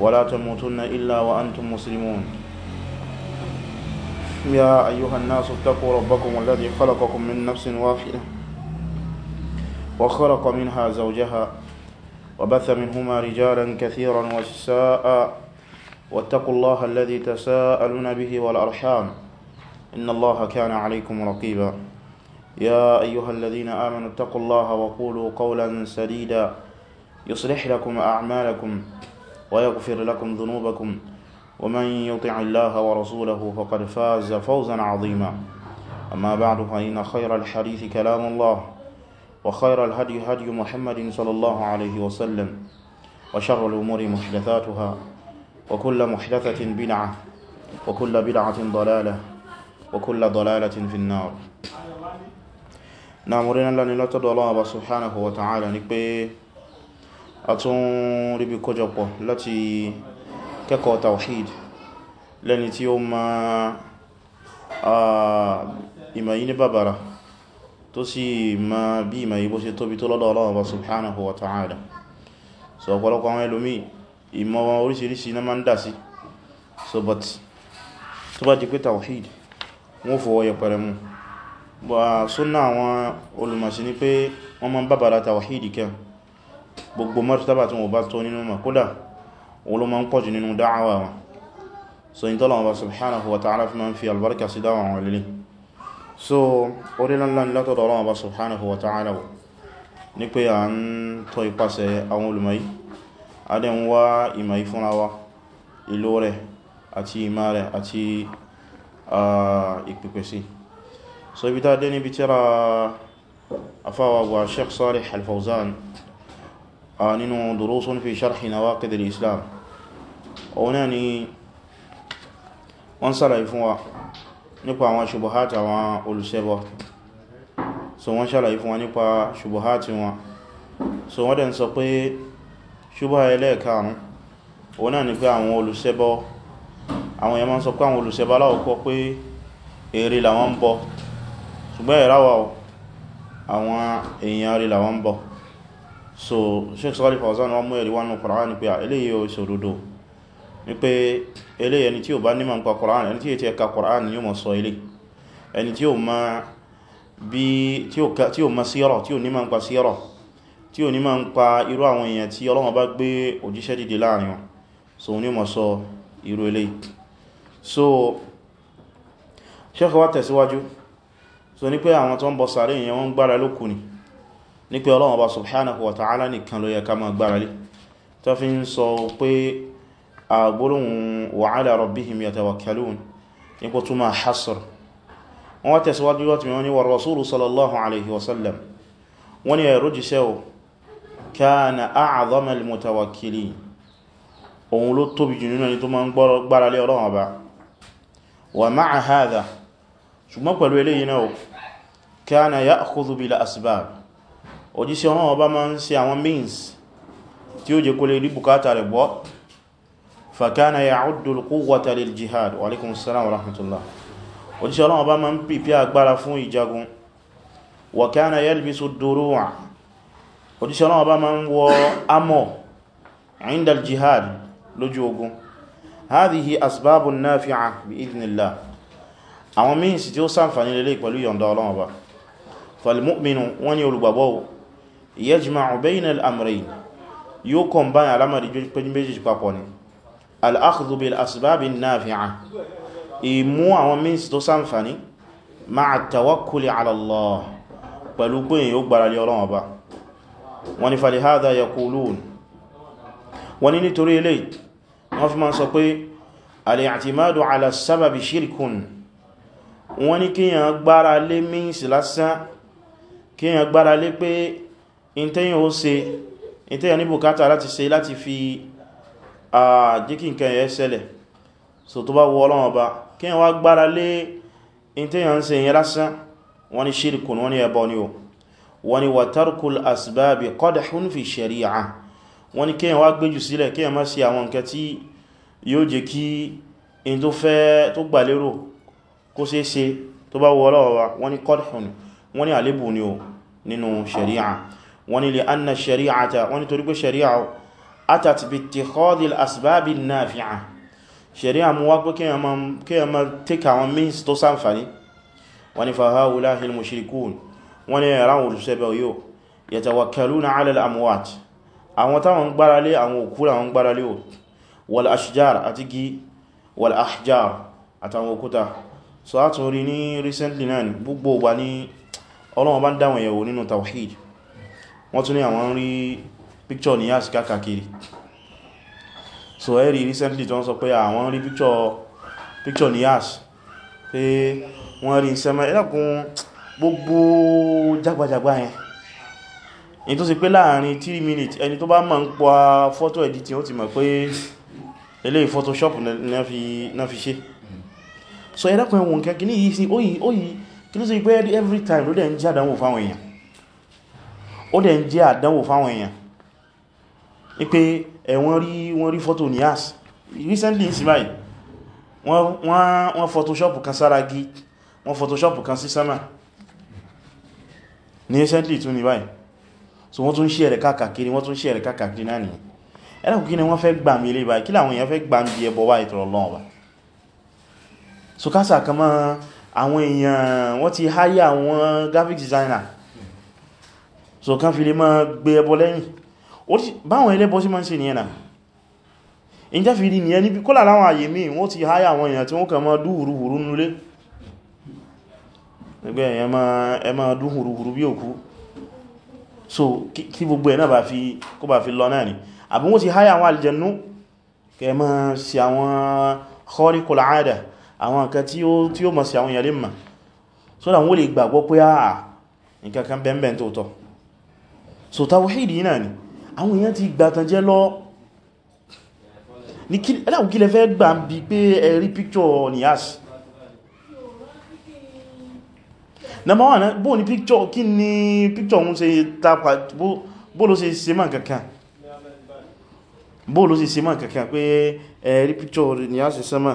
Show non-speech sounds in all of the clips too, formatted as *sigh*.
ولا تموتن إلا وأنتم مسلمون يا أيها الناس اتقوا ربكم الذي خلقكم من نفس واحدة وخلق منها زوجها وبث منهما رجالا كثيرا وساء واتقوا الله الذي تساءلون به والأرحام إن الله كان عليكم رقيبا يا أيها الذين آمنوا اتقوا الله وقولوا قولا سديدا يصلح لكم أعمالكم ويغفر لكم ذنوبكم ومن يطع الله ورسوله فقد فاز فوزا عظيما أما بعد فإن خير الحديث كلام الله وخير الهدي هدي محمد صلى الله عليه وسلم وشر الأمور محدثاتها وكل محدثة بدعة وكل بدعة ضلالة وكل ضلالة في النار نعم رينا لن لتدى الله سبحانه وتعالى نكبه a tún ríbi kójọpọ̀ láti kẹ́kọ̀ọ́ tawhid lẹ́ni tí ó ma ìmọ̀yí ní bàbára tó sì ma bí ìmọ̀yí bó ṣe tóbi tó lọ́dọ̀ Ọlọ́run Ọba subhanahu wa ta'ala so ọ̀pọ̀lọpọ̀ àwọn ẹlòmí ìmọ̀ wọn oríṣiríṣi na ma ń dà sí so but tó bá jí pé tawhid wọ́n fọwọ́ yẹpẹrẹ mú bá súnnà àwọn olùmọ̀sí ni pé wọ́n ma ń bàbára tawhid kẹ́ẹ̀ gbogbo martaba tí wọ́n bá tó nínú ma kódà wọ́n ló ma ń pọ̀jù nínú dáàwà wọn so in tọ́lọ̀ ọba subhanahu wa ta'ala fi ma ń fi albarka sí dáwà so orílẹ̀-nlá ni látọ̀dọ̀ ọlọ́wọ́ ọba subhanahu wa ta'ala wọ ní pé à ń tọ́ ipasẹ̀ àwọn olùmọ̀yí adé ń wá ìmọ̀yí fúnra wa ìlò rẹ̀ àti ibi tá dé níbi tíra afáwà wa Sheikh Salih nínú durusun fi sharhi nawaqid al-islam òun náà ni wọ́n ṣàlàyé fún wa nípa àwọn ṣubuhat àwọn olùṣẹbọ so wọ́n ṣàlàyé fún wa nípa ṣubuhat wọn so wọ́n dẹ̀ sọ pé ṣubuha ẹlẹ́ẹ̀karùn òun ni pé àwọn olùṣẹbọ àwọn èèyàn sọ pé àwọn olùṣẹbọ aláwọ̀kọ́ pé èrè làwọn ń ṣùgbọ́n ìráwà àwọn èèyàn rí làwọn bọ̀ so Shaykh Saalih Fawzān wọ́n mú ẹ̀rí wánú Kùránì pé eléyìí o ṣe òdodo ní pé eléyìí ẹni tí ó bá nímọ̀ nípa Kùránì ẹni tí ó ti ẹka Kùránì yóò mọ̀ sọ ilé ẹni tí ó ma bí tí ó ma síyọ́rọ̀ tí ó tí ó nímọ̀ nípa irú àwọn èèyàn tí Ọlọ́run bá gbé òjíṣẹ́ dìde láàrin wọn so ní mọ̀ sọ so Shaykh wá so ní pé àwọn tó ń bọ ní pé Ọlọ́run Ọba subhanahu wa ta'ala nìkan ló yẹ ká máa gbára lé tó fi ń sọ pé àgbóhùn wa ala rabbihim yatawakkalun nípo túnmà hasr wọ́n tẹ̀síwájú lọ́tí wọ́n ni wa rasúlù sallallahu alaihi wasallam wọ́n ni ẹ̀rọ jíṣẹ́ o kana a'zama kana ya'khudhu bil asbab òjíṣẹ́ ọ̀rán ọba ma ń ṣe àwọn means tí ó jẹ kó lè rí bukata rẹ̀ gbọ́ fàkánà ya'uddu al-quwwata lil jihad wa alaikum salam wa rahmatullah òjíṣẹ́ ọ̀rán ọba ma ń pìpí agbára fún ìjagun wa kánà yalbisu ad-duru'a òjíṣẹ́ ọ̀rán ọba ma ń wọ amọ̀ inda jihad lójú ogun hadhihi asbabun nafi'a bi idhnillah àwọn means tí ó ṣàǹfààní lélẹ̀ pẹ̀lú yọ̀ǹda Ọlọ́run ọba wọ́n ni olùgbàgbọ́ yajma'u bayna al-amrayn yóò combine alamari méjèèjì papọ̀ ni al-akhdhu bil asbab an-nafi'a ìmú àwọn means tó ṣàǹfààní ma'a at-tawakkul 'ala Allah pẹ̀lú pé yóò gbára lé Ọlọ́run Ọba wọ́n ní falihada yaqulun wọ́n ní nítorí ilé wọ́n fi kíyàn gbára lé means lásán kíyàn gbára lé pé ìtẹ́yìn ó ṣe ìtẹ́yìn ní bùkátà láti ṣe láti fi àjíkí nǹkan ẹ̀ ṣẹlẹ̀ so tó bá wọ Ọlọ́run Ọba kí wá gbára lé ìtẹ́yìn ń ṣe yẹn lásán wọ́n ni ṣírkùn wọ́n ni ẹbọ ni o wọ́n ni wa tarkul asbábi qadhun fi sharia wọ́n ni kíyàn wá gbéjù sílẹ̀ kíyàn má sí àwọn nǹkan tí yóò jẹ́ kí in tó fẹ́ tó gbà lérò kó ṣe ṣe tó bá wọ Ọlọ́run wọ́n ni qadhun wọ́n ni àlébù ni o nínú sharia wọ́n ni lè anna shari'ata wọ́n ni torí pé shari'a atat bi ittikhadhi al-asbabi an-nafi'a shari'a mú wá pé kíyà ma take àwọn means tó sàǹfàní wọ́n ni fa ha'ula'i al-mushrikun wọ́n ni ẹ̀ráwọ̀ olùsẹ́bẹ̀ yóò yatawakkaluna 'ala al-amwat àwọn táwọn gbáralé àwọn òkú àwọn gbáralé ò wal ashjar àti gi wal ahjar àtàwọn òkúta so a tún rí ní recently náà gbogbo ọba ní ọlọ́wọ́ bá ń dáwọn ẹ̀wò nínú tawhid wọ́n tún ní àwọn rí picture ní àsìká kàkiri so ẹ̀rí recently tó ń sọ pé àwọn rí picture ní àsì pé wọ́n rí sẹ́mẹ́ ẹlẹ́kùn gbogbo jagbajagba yẹn in tó sì pé láàrin 3 minutes ẹni tó bá mọ̀ ń pa photo editing ó ti mọ̀ pé eléyìí photoshop na fi ṣe so ẹlẹ́kùn ẹwọ̀n kẹ́kì ní yìí sí ó yìí ó yìí kí ló sì pé every time ló dẹ̀ ń jádánwò fáwọn èèyàn ó dẹ̀ ń jẹ́ àdánwò fáwọn èèyàn ní pé ẹ̀wọ́n rí wọ́n rí fọ́tò ní as recently ní síbáyì wọ́n photoshop kan sára gí wọ́n photoshop kan sí sánmà ní recently tún ní báyìí so wọ́n tún ṣe ẹ̀rẹ̀ káàkiri wọ́n tún ṣe ẹ̀rẹ̀ káàkiri náà nìyẹn ẹ̀rẹ́kù kí ni wọ́n fẹ́ gbà mí ilé báyìí kí làwọn èèyàn fẹ́ gbà mí ẹbọ wá ìtọ̀rọ̀ lọ́wọ́ bá so kásà kan mọ́ àwọn èèyàn wọ́n ti háyà àwọn graphic designer so kan fi lè máa gbé ẹbọ lẹ́yìn báwọn ẹlẹ́bọ sí máa ń ṣe nìyẹn náà in jẹ́ fi rí nìyẹn níbi kó lára àwọn àyè míì wọ́n ti háyà àwọn èèyàn tí wọ́n kàn máa dúhùrúhùrú nulé ẹgbẹ́ ẹ máa dúhùrúhùrú bí òkú so kí gbogbo ẹ̀ náà bá fi kó bá fi lọ náà ni àbí wọ́n ti háyà àwọn àlìjẹnú kẹ máa ṣe àwọn khariqul aada àwọn nǹkan tí ó mọ̀ sí àwọn èèyàn lè mọ̀ so that wọ́n lè gbàgbọ́ pé àà nǹkan kan bẹ́ẹ̀ tó tọ́ so tawhidi náà ni àwọn èèyàn ti gbàtànjẹ́ lọ ẹ̀láwùn kí lẹ fẹ́ gbà ń bí pé ẹ̀rí píkṣọ̀ Niyas number one bó ní píkṣọ̀ kí ni píkṣọ̀ ń ṣe tapa bó ló ṣe ṣe mọ́ kankan bó ló ṣe ṣe mọ́ kankan pé ẹ̀rí píkṣọ̀ Niyas sẹ́mọ̀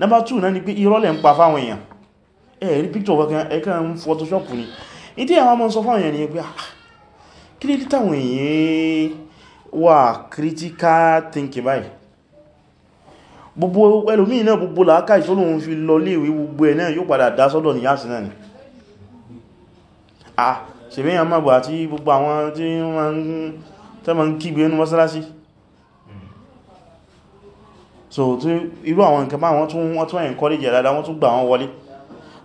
number two náà ni pé irọ́lẹ̀ ń pa fáwọn èèyàn ẹ̀rí píkṣọ̀ kankan ẹ̀kan photoshop ni ìdí àwọn ọmọ sọ fáwọn èèyàn ni pé ah kí lè tàwọn èèyàn wà critical thinking báyìí gbogbo ẹlòmíì náà gbogbo làákà ìtọ́lòun fi lọ léèwé gbogbo ẹ̀ náà yóò padà dá sọ́dọ̀ ní yásí náà ni ah ṣèmíyàn mọ́gbà àti gbogbo àwọn tí wọ́n ma ń kígbe nínú mọ́sálásí so tí irú àwọn nǹkan bá wọ́n tún wọ́n tún encourage dáadáa wọ́n tún gbà wọ́n wọlé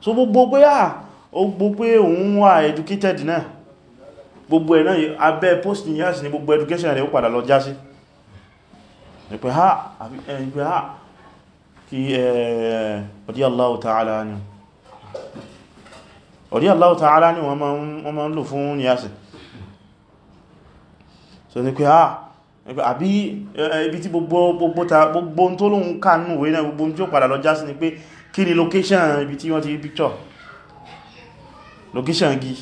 so gbogbo pé ah ó gbogbo pé òun wà educated náà gbogbo ẹ̀ náà abẹ́ post ní yáṣì ní gbogbo education rẹ̀ ó padà lọ já sí ìpẹ́ ha ìpẹ́ ha kí radiyallahu ta'ala anhu radiyallahu ta'ala anhu wọ́n máa ń lò fún yáṣì so ní pé ha àbí ibi tí gbogbo tó lóun ká nù wé náà gbogbo tí ó padà lọ já sí ni pé kí ni location ibi tí wọ́n ti picture location gi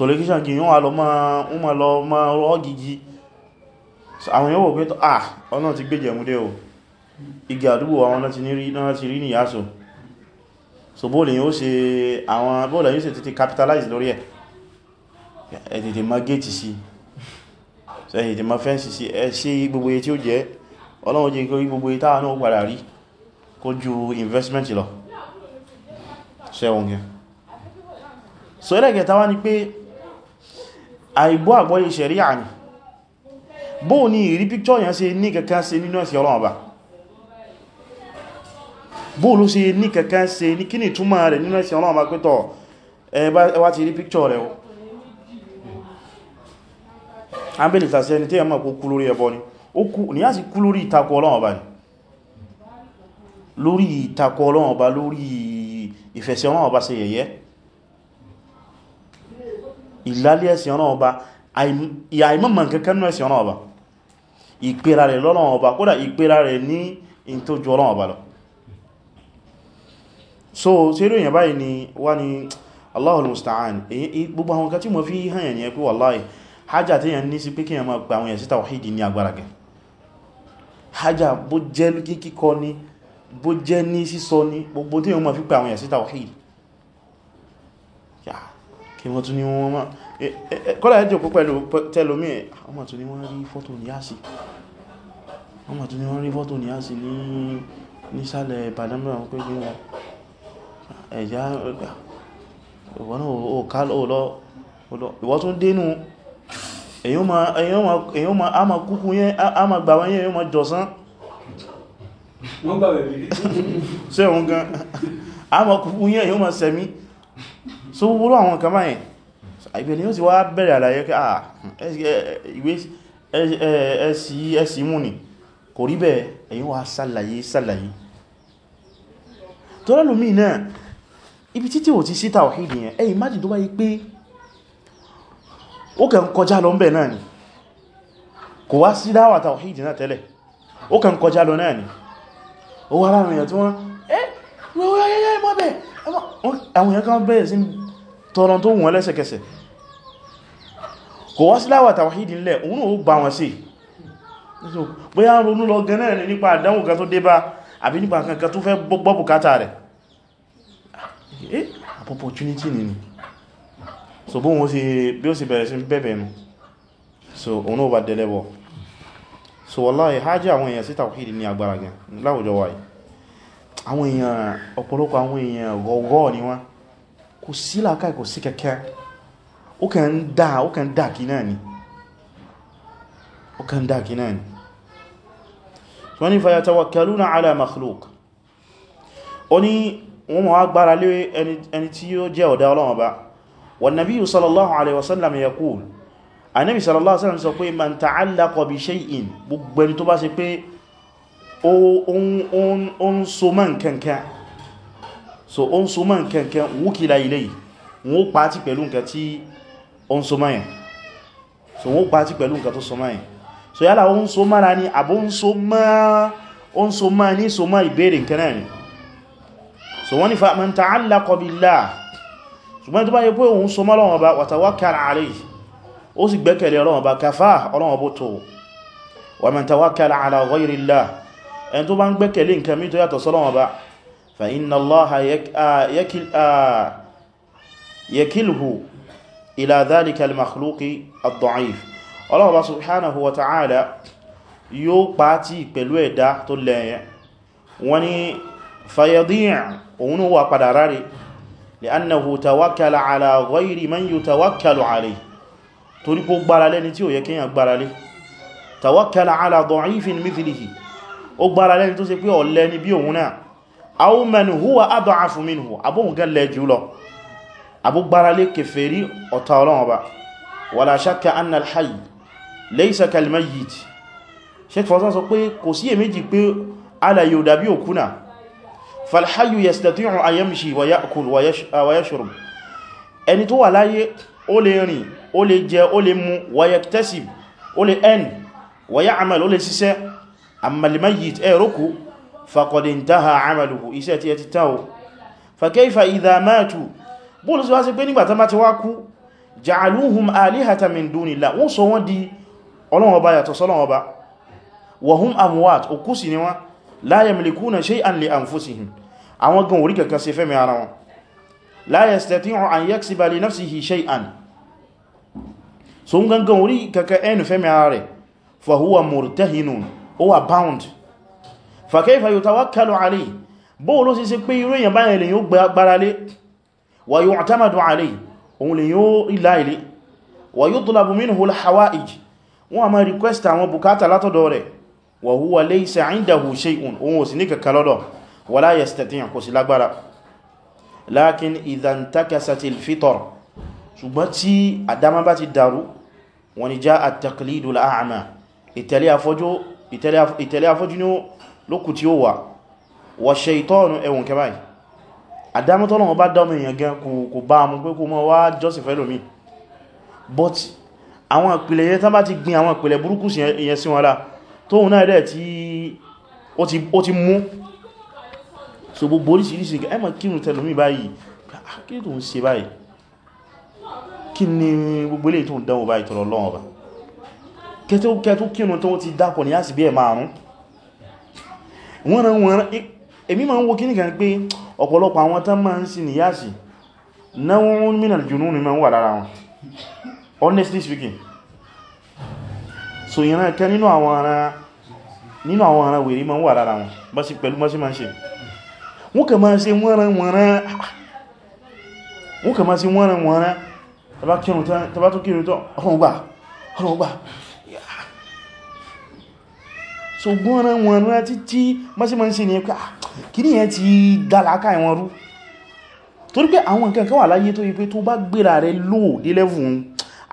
so lè kíṣà gí yíwọ́n alọ́ máa lọ gigi rọ́ gígí àwọn yóò pẹ́ tó à ah, ọ̀nà ti gbéjẹ̀ múdé o igi àdúgbò àwọn náà ti rí ní yásò so bóòlì yóò ṣe àwọn bóòlì yóò ṣe títí capitalize lórí ẹ̀ ẹ̀dẹ̀dẹ̀ ma gẹ́ẹ̀tì sí ẹ̀dẹ̀dẹ̀ ma fẹ́ǹsì sí ẹ ṣe gbogbo tí ó jẹ́ ọlọ́run jẹ́ kí gbogbo táà náà padà rí kó ju investment lọ ṣẹ́wọ̀n gẹn so ẹlẹ́gẹ̀ta wá ni pé àìgbọ́ àgbọ́yé ṣẹ̀ríà ni bó ní ìrí píkṣọ́ yẹn se ní kankan ṣe nínú ẹ̀sìn Ọlọ́run Ọba bó ló ṣe ní kankan ṣe ní kí ni túnmà rẹ̀ nínú ẹ̀sìn Ọlọ́run Ọba pẹ́tọ̀ ẹwà ti rí píkṣọ́ rẹ̀ o abẹ́lì tàṣẹ́ ni tí ẹ mọ̀ kó kú lórí ẹbọ ni ó kú ní á sì kú lórí ìfẹ̀sẹ̀ Ọlọ́run Ọba ṣe yẹ̀yẹ́ ìlálẹ́ ẹ̀sìn ọ̀nà ọba àìmọ̀mọ̀ kankan nú ẹ̀sìn ọ̀nà ọba ìpera rẹ̀ lọ́nà ọba kódà ìpera rẹ̀ ní in tó ọba lọ so tí irú èyàn báyìí ni wá ní Allahul musta'an gbogbo àwọn kan tí mo fi hàn yẹn ni ẹ pé wallahi hajjá tí yẹn ní sí pé kí yẹn máa gba àwọn yẹn sí tawhid ní agbára gẹn hajjá bó jẹ́ kíkọ́ ní kí wọ́n tún ní wọ́n máa kọ́lá ẹjọ́ kó pẹ̀lú tẹ́lómí ọmọ tún ní wọ́n rí fọ́tò ní àṣì ọmọ tún ní wọ́n rí fọ́tò ní àṣì ní nísàlẹ̀ ìbàdánmọ́ àwọn pẹ́gbẹ́ wọn ẹ̀yà ìwọ̀n ìwọ̀n tún dénú èyàn ma a ma kúkú yẹn a ma gbà wọ́n yẹn yóò ma jọsán wọ́n gbà bẹ̀rẹ̀ so wúrú àwọn nǹkan báyìí ìbẹ̀ ni ó sì wá bẹ̀rẹ̀ àlàyé kí àà ìwé ẹ̀sì mú ni kò rí bẹ́ẹ̀ èyí wá sàlàyé sàlàyé tó rẹ̀lú míì náà ibi títí ò ti sí tàwàhídì yẹn ẹ̀yìn má jìdó wáyé pé ó kàn kọjá lọ ńbẹ̀ náà ni kò wá sí dáwà tàwàhídì náà tẹ́lẹ̀ ó kàn kọjá lọ náà ni ó wá láàrin èèyàn tí wọ́n ẹ́ wọ́n yẹ́ yẹ́ mọ́bẹ̀ àwọn èèyàn kan bẹ̀rẹ̀ sí tọrọ tó wọ́n lẹ́sẹ̀kẹsẹ̀ kò wá síláwà tàwàhídì ńlẹ̀ òun ò bá wọn sí bóyá ronú lọ gan náà nípa àdánwò kan tó dé bá àbí nípa kankan tó fẹ́ gbọ́ bùkátà rẹ̀ eh opportunity ni ni so bó wọn sí bí ó sì bẹ̀rẹ̀ sí bẹ̀bẹ̀ nù so òun ò bá dẹlẹ́bọ̀ so wallahi hájí àwọn èèyàn sí tàwàhídì ní agbára gan láwùjọ wáyé àwọn èèyàn ọ̀pọ̀lọpọ̀ àwọn èèyàn gọ́gọ́ ni wọ́n kò sí làákàí kò sí kẹ̀kẹ́ ó kàn ń dá ó kàn ń dá kí náà ni ó kàn ń dá kí náà ni wọ́n ni fayatawakkaluna ala makhluq ó ní wọ́n ma wá gbára lé ẹni tí ó jẹ́ ọ̀dá Ọlọ́run ba wan nabiyyu sallallahu alaihi wasallam yaqul anabi sallallahu alaihi wasallam sọ pé man ta'allaqa bi shay'in gbogbo ẹni tó bá ṣe pé ó ń so mọ́ nǹkankan so o n so mọ́ nkẹnkẹn wúkìlá ilé yìí wọ́n ó pàtí pẹ̀lú nǹkan tí o n so mọ́ yẹn so wọ́n ó pàtí pẹ̀lú nǹkan tó so mọ́ yẹn so yálà o n so mọ́ra ní àbó n so mọ́ o so mọ́ ní so mọ́ ìbéèrè nǹkan náà ni so wọ́n ni fa man ta'allaqa billah ṣùgbọ́n tó bá yẹ pé òun so mọ́ Ọlọ́run Ọba wa tawakkal alayhi ó sì gbẹ́kẹ̀lé Ọlọ́run Ọba kafá Ọlọ́run Ọba tó wa man tawakkal ala ghayrillah ẹni tó bá ń gbẹ́kẹ̀lé nǹkan mí tó yàtọ̀ sọ́lọ́run Ọba فإن الله يكل يكله إلى ذلك المخلوق الضعيف الله سبحانه وتعالى yóò pàtí pẹ̀lú ẹ̀dá tó lẹ́yẹ wọ́n ni fayadíyàn òun wà padà ráre lè annahu tawakkala ala ghairi man yutawakkalu alayhi torí kó gbára lẹ́ni tí ó yẹ kíyàn gbára lé tawakkala ala da'ifin mithlihi ó gbára lẹ́ni tó ṣe pé ọ̀lẹ ni bí òun náà aw man huwa ad'afu minhu abun galle jùlọ abu gbarale kèfèrí ọ̀tá Ọlọ́run Ọba wala shakka anna al-hayy laysa kal-mayyit Shaykh Fawzān sọ pé kò sí èméjì pé ala yóò dàbí òkúnà fal-hayyu yastati'u an yamshi wa ya'kul wa yashrub ẹni tó wà láyé ó lè rìn ó lè jẹ ó lè mu wa yaktasib ó lè ẹn wa ya'mal ó lè ṣiṣẹ́ amma al-mayyit ẹ̀rọ́kù faqad intaha amaluhu iṣẹ́ tí ẹ ti tán o fa kayfa idha matu bóòlù sí wá sí pé nígbàtá má ti wá kú ja'aluhum alihatan min dunillah wọ́n sọ wọ́n di Ọlọ́run Ọba yàtọ̀ sọ́lọ́run Ọba wa hum amwat òkú sí ni wọ́n la yamlikuna shay'an li anfusihim àwọn gan orí kankan ṣe fẹ́mi ara wọn bound fàkẹ́fà yóò tawakkalu alẹ́ bóò ló sì sí pé irú èyàn báyẹ̀ lè yóò gbára lé wà yóò àtàmàdù alẹ́ òun lè yóò ilá ilé wà yóò tó labu minhu al-hawa'ij wọ́n a máa request àwọn bukata látọ̀dọ̀ rẹ̀ wà huwa laysa 'indahu shay'un òun ò sí ní kàkà lókù tí ó wà wà ṣaitọ́nù ẹwùn kẹ báyìí àdámọ́tọ́lọ́wọ́ bá dámọ́ èèyàn gan kò bá mú pé kó mọ́ wá jọ́sìn fẹ́lòmí but àwọn ìpìlẹ̀ yẹn tán bá ti gbin àwọn ìpìlẹ̀ burúkú yẹn sí wọn lá tóhun náà rẹ̀ tí ó ti mú so gbogbo oríṣiríṣi ẹ má kírun tẹlòmí báyìí ah, kí ni tó ń ṣe báyìí kí ni gbogbo wọ́n ran wọ́n e, èmi ma ń wo kíní kan pé ọ̀pọ̀lọpọ̀ àwọn tán máa ń sin níyàsì náwọn mìíràn jùnú ni ma ń wà lára wọn honestly speaking so ìran kẹ nínú àwọn ara nínú àwọn ara wèrè ma ń wà lára wọn bá sí pẹ̀lú mọ́sí ma ń ṣe wọ́n kà máa ṣe wọ́n ran wọ́n rán wọ́n kà máa ṣe wọ́n ran wọ́n rán tàbá tó kírun so gbọ́nra ah, wọn rán títí mọ́símọ́sí ní pé kí ní ẹ ti dálàkà ìwọ̀n rú torí pé àwọn nǹkan kan wà láyé tó yí pé tó bá gbéra rẹ lóò dé lẹ́fún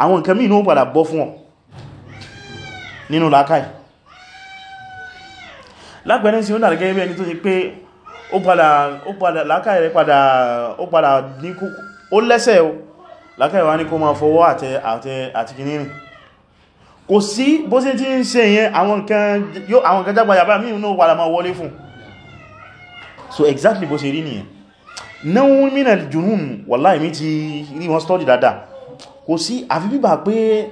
àwọn nǹkan míì náà padà bọ́ fún ọ nínú làákàì lápẹẹrẹ sí ó dàrí gẹ́gẹ́ bí ẹni tó yí pé ó padà làákàì rẹ padà ó padà ní kó lẹ́sẹ̀ làákàì wá ní kó máa fọwọ́ àti kìnnìrìn kò sí bó sí tí ń ṣe yẹn àwọn nǹkan jágbàjàgbà mí inú wà lámà wọlé fún so exactly bó ṣe rí nìyẹn náwọn mínà jùnún wallahi mi ti rí wọn study dada kò sí àfi bíbà pé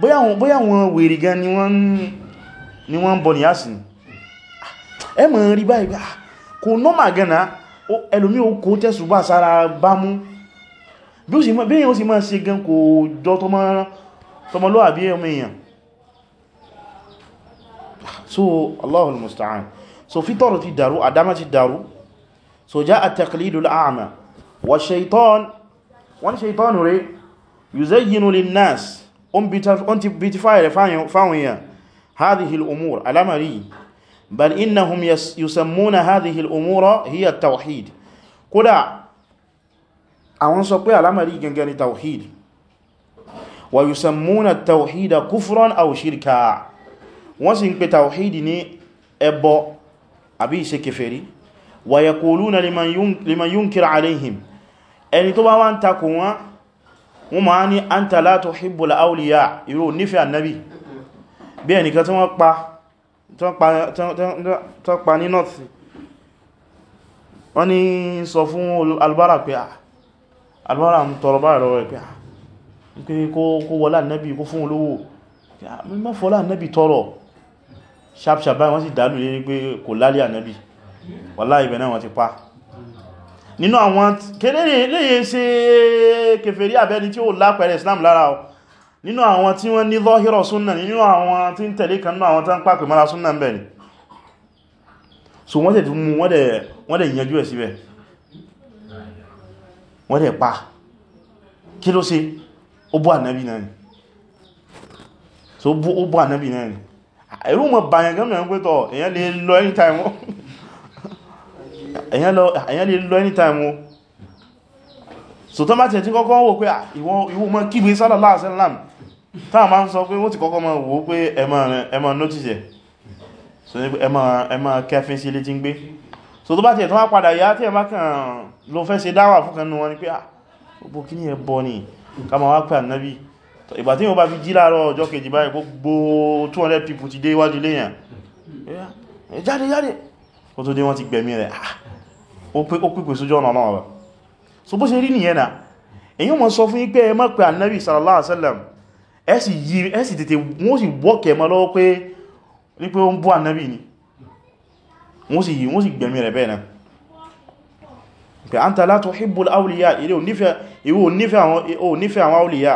bóyá wọn wèrè gan ni wọ́n ń bọ̀ ní àsìn ẹ mọ̀ rí báyìí ah, kò nọ́mà gana ẹlòmí o kò tẹ́sù bá sára bá mú bí ó sì mọ́ sí gan kò jọ tọ́mọ́ sọmọlúwàbí ọmọ èèyàn so Allahul musta'an so fítọ̀rọ̀ ti dàrú àdámá ti dàrú so ja'a taqlidul a'ma wa shaitan wọ́n shaitan rẹ̀ yuzayyinu linnas on beautify rẹ̀ fáwọn èèyàn hadhihi al'umur alamari bal innahum yusammuna hadhihi al'umura hiya tawhid kódà àwọn sọ pé alamari gangan ni tawhid wa yusammuna tawhida kufran aw shirka wọ́n sì ń pè tawhidi ní ẹbọ àbí ìṣe kèfèrí wa yaquluna liman yunkir alayhim ẹni tó bá wá ń takò wọn wọ́n ma ní anta la tuhibbul awliya irú nífẹ́ annabi bí ẹnìkan tí wọ́n pa ní north wọ́n ní sọ fún albára pé ah, albára ń tọrọ báyìí lọ́wọ́ pé à ah, pé kó wọlá nẹ́bì kó fún olówó mọ́ fọ́lá nẹ́bì tọrọ ṣàpṣàbá wọ́n sì dánú lé pé kò lálé ànẹ́bì wàlá ibẹ̀ náà wọ́n ti pa nínú àwọn kéré léye ṣe kèfèrí àbẹ́ni tí ó lápẹẹrẹ Islam lára ọ nínú àwọn tí wọ́n ní lọ́hírọ̀ súnnà nínú àwọn tí ń tẹ̀lé kan náà àwọn tán pàpẹ̀ mara súnnà ń bẹ̀rẹ̀ so wọ́n tẹ̀ tún mú wọ́n dẹ̀ yanjú ẹ̀ síbẹ̀ wọ́n dẹ̀ pa kí ló ṣe ó bú ànábì náà ni so ó bú ànábì náà ni ẹ̀rù mọ̀ bàyàn gán mẹ́rin pẹ́tọ̀ èyàn lè lọ anytime o èyàn lè lọ anytime o so tó má ti ẹ̀ tí kọ́kọ́ wò pé ìwọ mọ́ kígbe sallallahu alaihi wasallam táà máa ń sọ pé wọ́n ti kọ́kọ́ máa wò pé ẹmọ notice so ní pé ẹmọ kẹfin sí ilé tí ń gbé so tó bá ti ẹ̀ tó wá padà yá tí ẹ bá kàn lọ fẹ́ ṣe dáwà fún kan nù wọn ni pé ah gbogbo kí ní ẹ bọ́ ni kama wá pè ànábì ìgbà tí wọ́n bá fi jí láàárọ̀ ọjọ́ kejì báyìí gbogbo 200 people ti dé iwájú léyàn jáde jáde ó tó dé wọ́n ti gbẹ̀mí o ah, ó o sójú ọ̀nà náà rẹ̀ so bó ṣe rí nìyẹn náà èyí mọ̀ sọ fún yín pé ẹ má pè ànábì sallallahu alaihi wasallam ẹ sì yí ẹ sì tètè wọ́n sì wọ́kẹ̀ mọ́ lọ́wọ́ pé ní pé ó ń bú ànábì ni wọ́n sì yí wọ́n sì gbẹ̀mí rẹ̀ bẹ́ẹ̀ náà pé a ń tàlá tó hibbul awliya ilé ìwò nífẹ́ àwọn awliya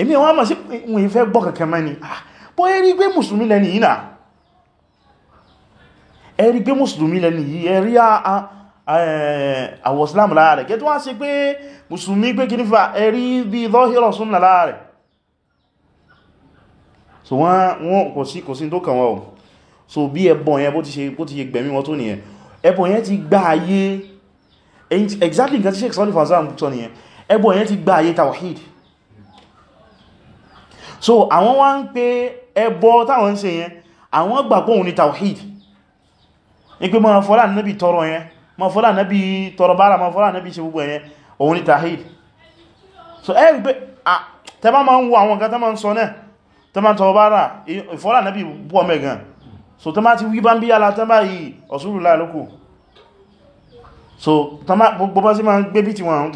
èmi wọ́n mọ̀ sí wọ́n ìfẹ́ gbọ́ kankan mẹ́ni ah, bó ẹ̀rí gbé mùsùlùmí lẹ́ni yìí náà ẹ̀rí gbé mùsùlùmí lẹ́ni yìí ẹ̀rí àwọ̀ islam láàrẹ̀ kẹ́ tó wá sí pé mùsùlùmí pé kí nífà yẹn bó ti ṣe gbẹ̀mí wọn tó nìyẹn ẹbọn yẹn ti gbá exactly nǹkan tí sheik sọ́lù fàzán sọ nìyẹn ẹbọ yẹn ti gba ayé tawhid so àwọn wá ń pé ẹbọ táwọn ń ṣe yẹn àwọn gbà pé òun ni ní pé ma fọ́lá nábi tọrọ yẹn ma fọ́lá nábi tọrọ bára ma fọ́lá nábi ṣe gbogbo yẹn òun ni tawhid so gbogbo bá sí máa ń gbé bí ti wọn àwọn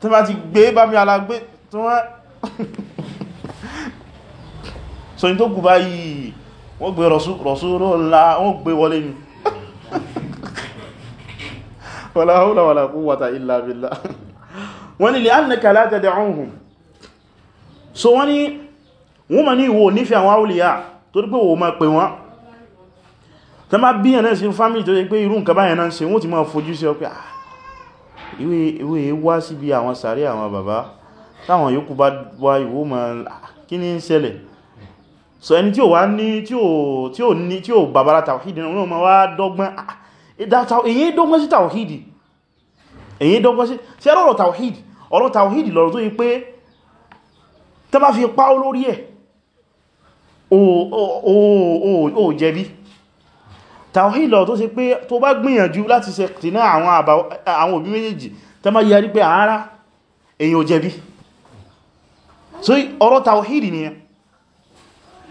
tó bá ti gbé bá mi alágbé tó wọ́n *laughs* so in tó kù báyìí wọ́n gbé Rasulullah wọ́n gbé wọlé ni *laughs* wala hawla wala quwwata illa billah *laughs* wọ́n ni li'annaka la tad'uhum wọ́n ni wọ́n ma ní ìwò nífẹ́ àwọn awliya torí pé wọ́n ma pè wọ́n tó má bí ẹ̀nà sí fámílì tó yẹ pé irú nǹkan báyẹn náà ṣe wọ́n ti máa fojú sí ọpẹ́ ah, ìwé wá síbi àwọn sàárẹ́ àwọn bàbá táwọn yòókù bá wá ìwó mọ̀ ah, kí ní ṣẹlẹ̀ so ẹni tí ó wá ní tí ó ní tí ó bàbára tàwàhídì náà ma wá dọ́gbọ́n èyí ah, dọ́gbọ́n sí tàwàhídì èyí dọ́gbọ́n sí sí ọ̀rọ̀ tàwàhídì ọ̀rọ̀ tàwàhídì lọ́rọ̀ tó yí pé tẹ́ bá fi pá tàwílọ̀ tó ṣe pé tó bá gbìyànjú láti ṣe tìná àwọn òbí méjèèjì tó má yẹrí pé àárá èyàn ò jẹ̀bi so ọ̀rọ̀ tàwílì ni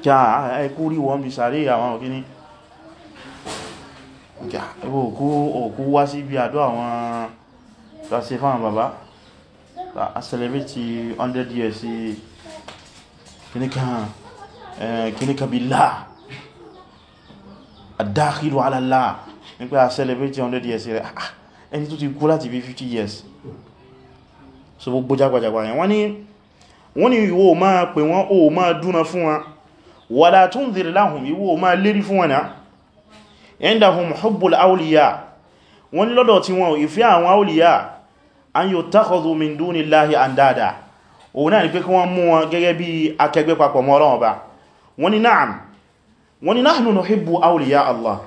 ya ẹkú rí wọ́n bí sàárè àwọn òkíní ya òkú wá sí ibi àdó àwọn tàṣẹ fáwọn bàbá a celebrate 100 years sí kìníkà bí láà àdáàkìlù alàlá nígbà a celebrate 100 years rẹ̀ ah, ah, ẹni tó ti kú láti bí 50 years so gbogbo jagbajagba yẹn wọ́n ni ìwọ máa pè wọ́n o máa dúnà fún wọn wàlá tunzir lahum ìwọ máa lérí fún wọn indahum hubbul awliya wọ́n ni lọ́dọ̀ tí wọ́n ìfẹ́ àwọn awliya an yutakhadhu min dunillahi andada òun náà ni pé kí wọ́n mú wọn gẹ́gẹ́ bí akẹgbẹ́ papọ̀ mọ́ Ọlọ́run Ọba wọ́n ni na'am wọ́n ni nahnu nuhibbu awliya Allah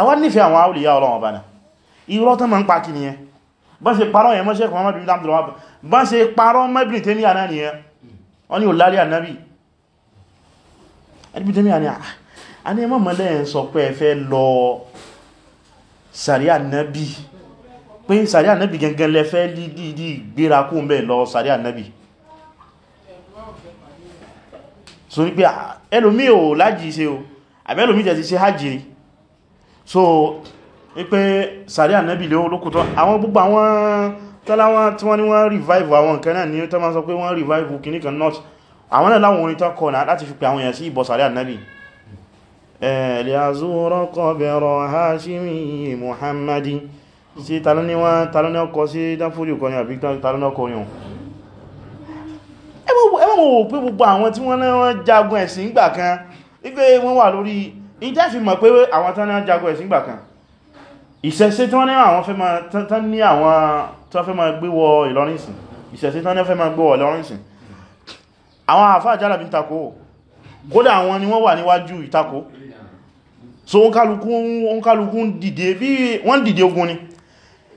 àwa nífẹ̀ẹ́ àwọn awliya Ọlọ́run bá na irọ́ tán ma ń pa kí nìyẹn bá ṣe parọ́ yẹn mọ́ṣẹ́ kan mọ́bìnrin dámdùn wá bá ṣe parọ́ mọ́bìnrin tẹ́mí àná nìyẹn wọ́n ni ò ah, lárí ànábì ẹni tẹ́mí àní àní ẹmọ́ mọ́lẹ́ ẹ̀ sọ pé ẹ fẹ́ lọ sàrí ànábì pé sàrí ànábì gẹngẹn ah, ẹlòmí ò lájì ṣe o àbẹ́lòmí jẹ́ ti ṣe hajjiri so wípé sàrí ànábì lé olókùtọ́ àwọn gbogbo àwọn tọ́láwọn tí wọ́n ní wọ́n revive àwọn nǹkan náà ní tó máa sọ pé wọ́n revive kìíní kan north àwọn náà láwọn orin tó kọ̀ náà láti fi pè àwọn èèyàn sí ìbọ̀ sàrí ànábì ẹ̀lẹ́azúrọ́ eh, kọbẹ̀rọ hashimi muhammadi sí talóníwá talóníọkọ sí dáfúrí ọkọ̀ ní àbí talóníọkọ̀ ní ẹwọ́n wò pé gbogbo àwọn tí wọ́n náà jagun ẹ̀sìn ìgbà kan wípé wọ́n wà lórí ìtẹ́fì mọ̀ pé àwọn tán náà jago ẹ̀sìn gbà kan ìṣẹ̀ṣe tán ní àwọn fẹ́ máa tán ní àwọn tán ní fẹ́ máa gbé wọ àwọn àfáà jálàbí ìtakò kódà àwọn ni wọ́n wà níwájú ìtakò so wọ́n kálukú wọ́n dìde ogun ni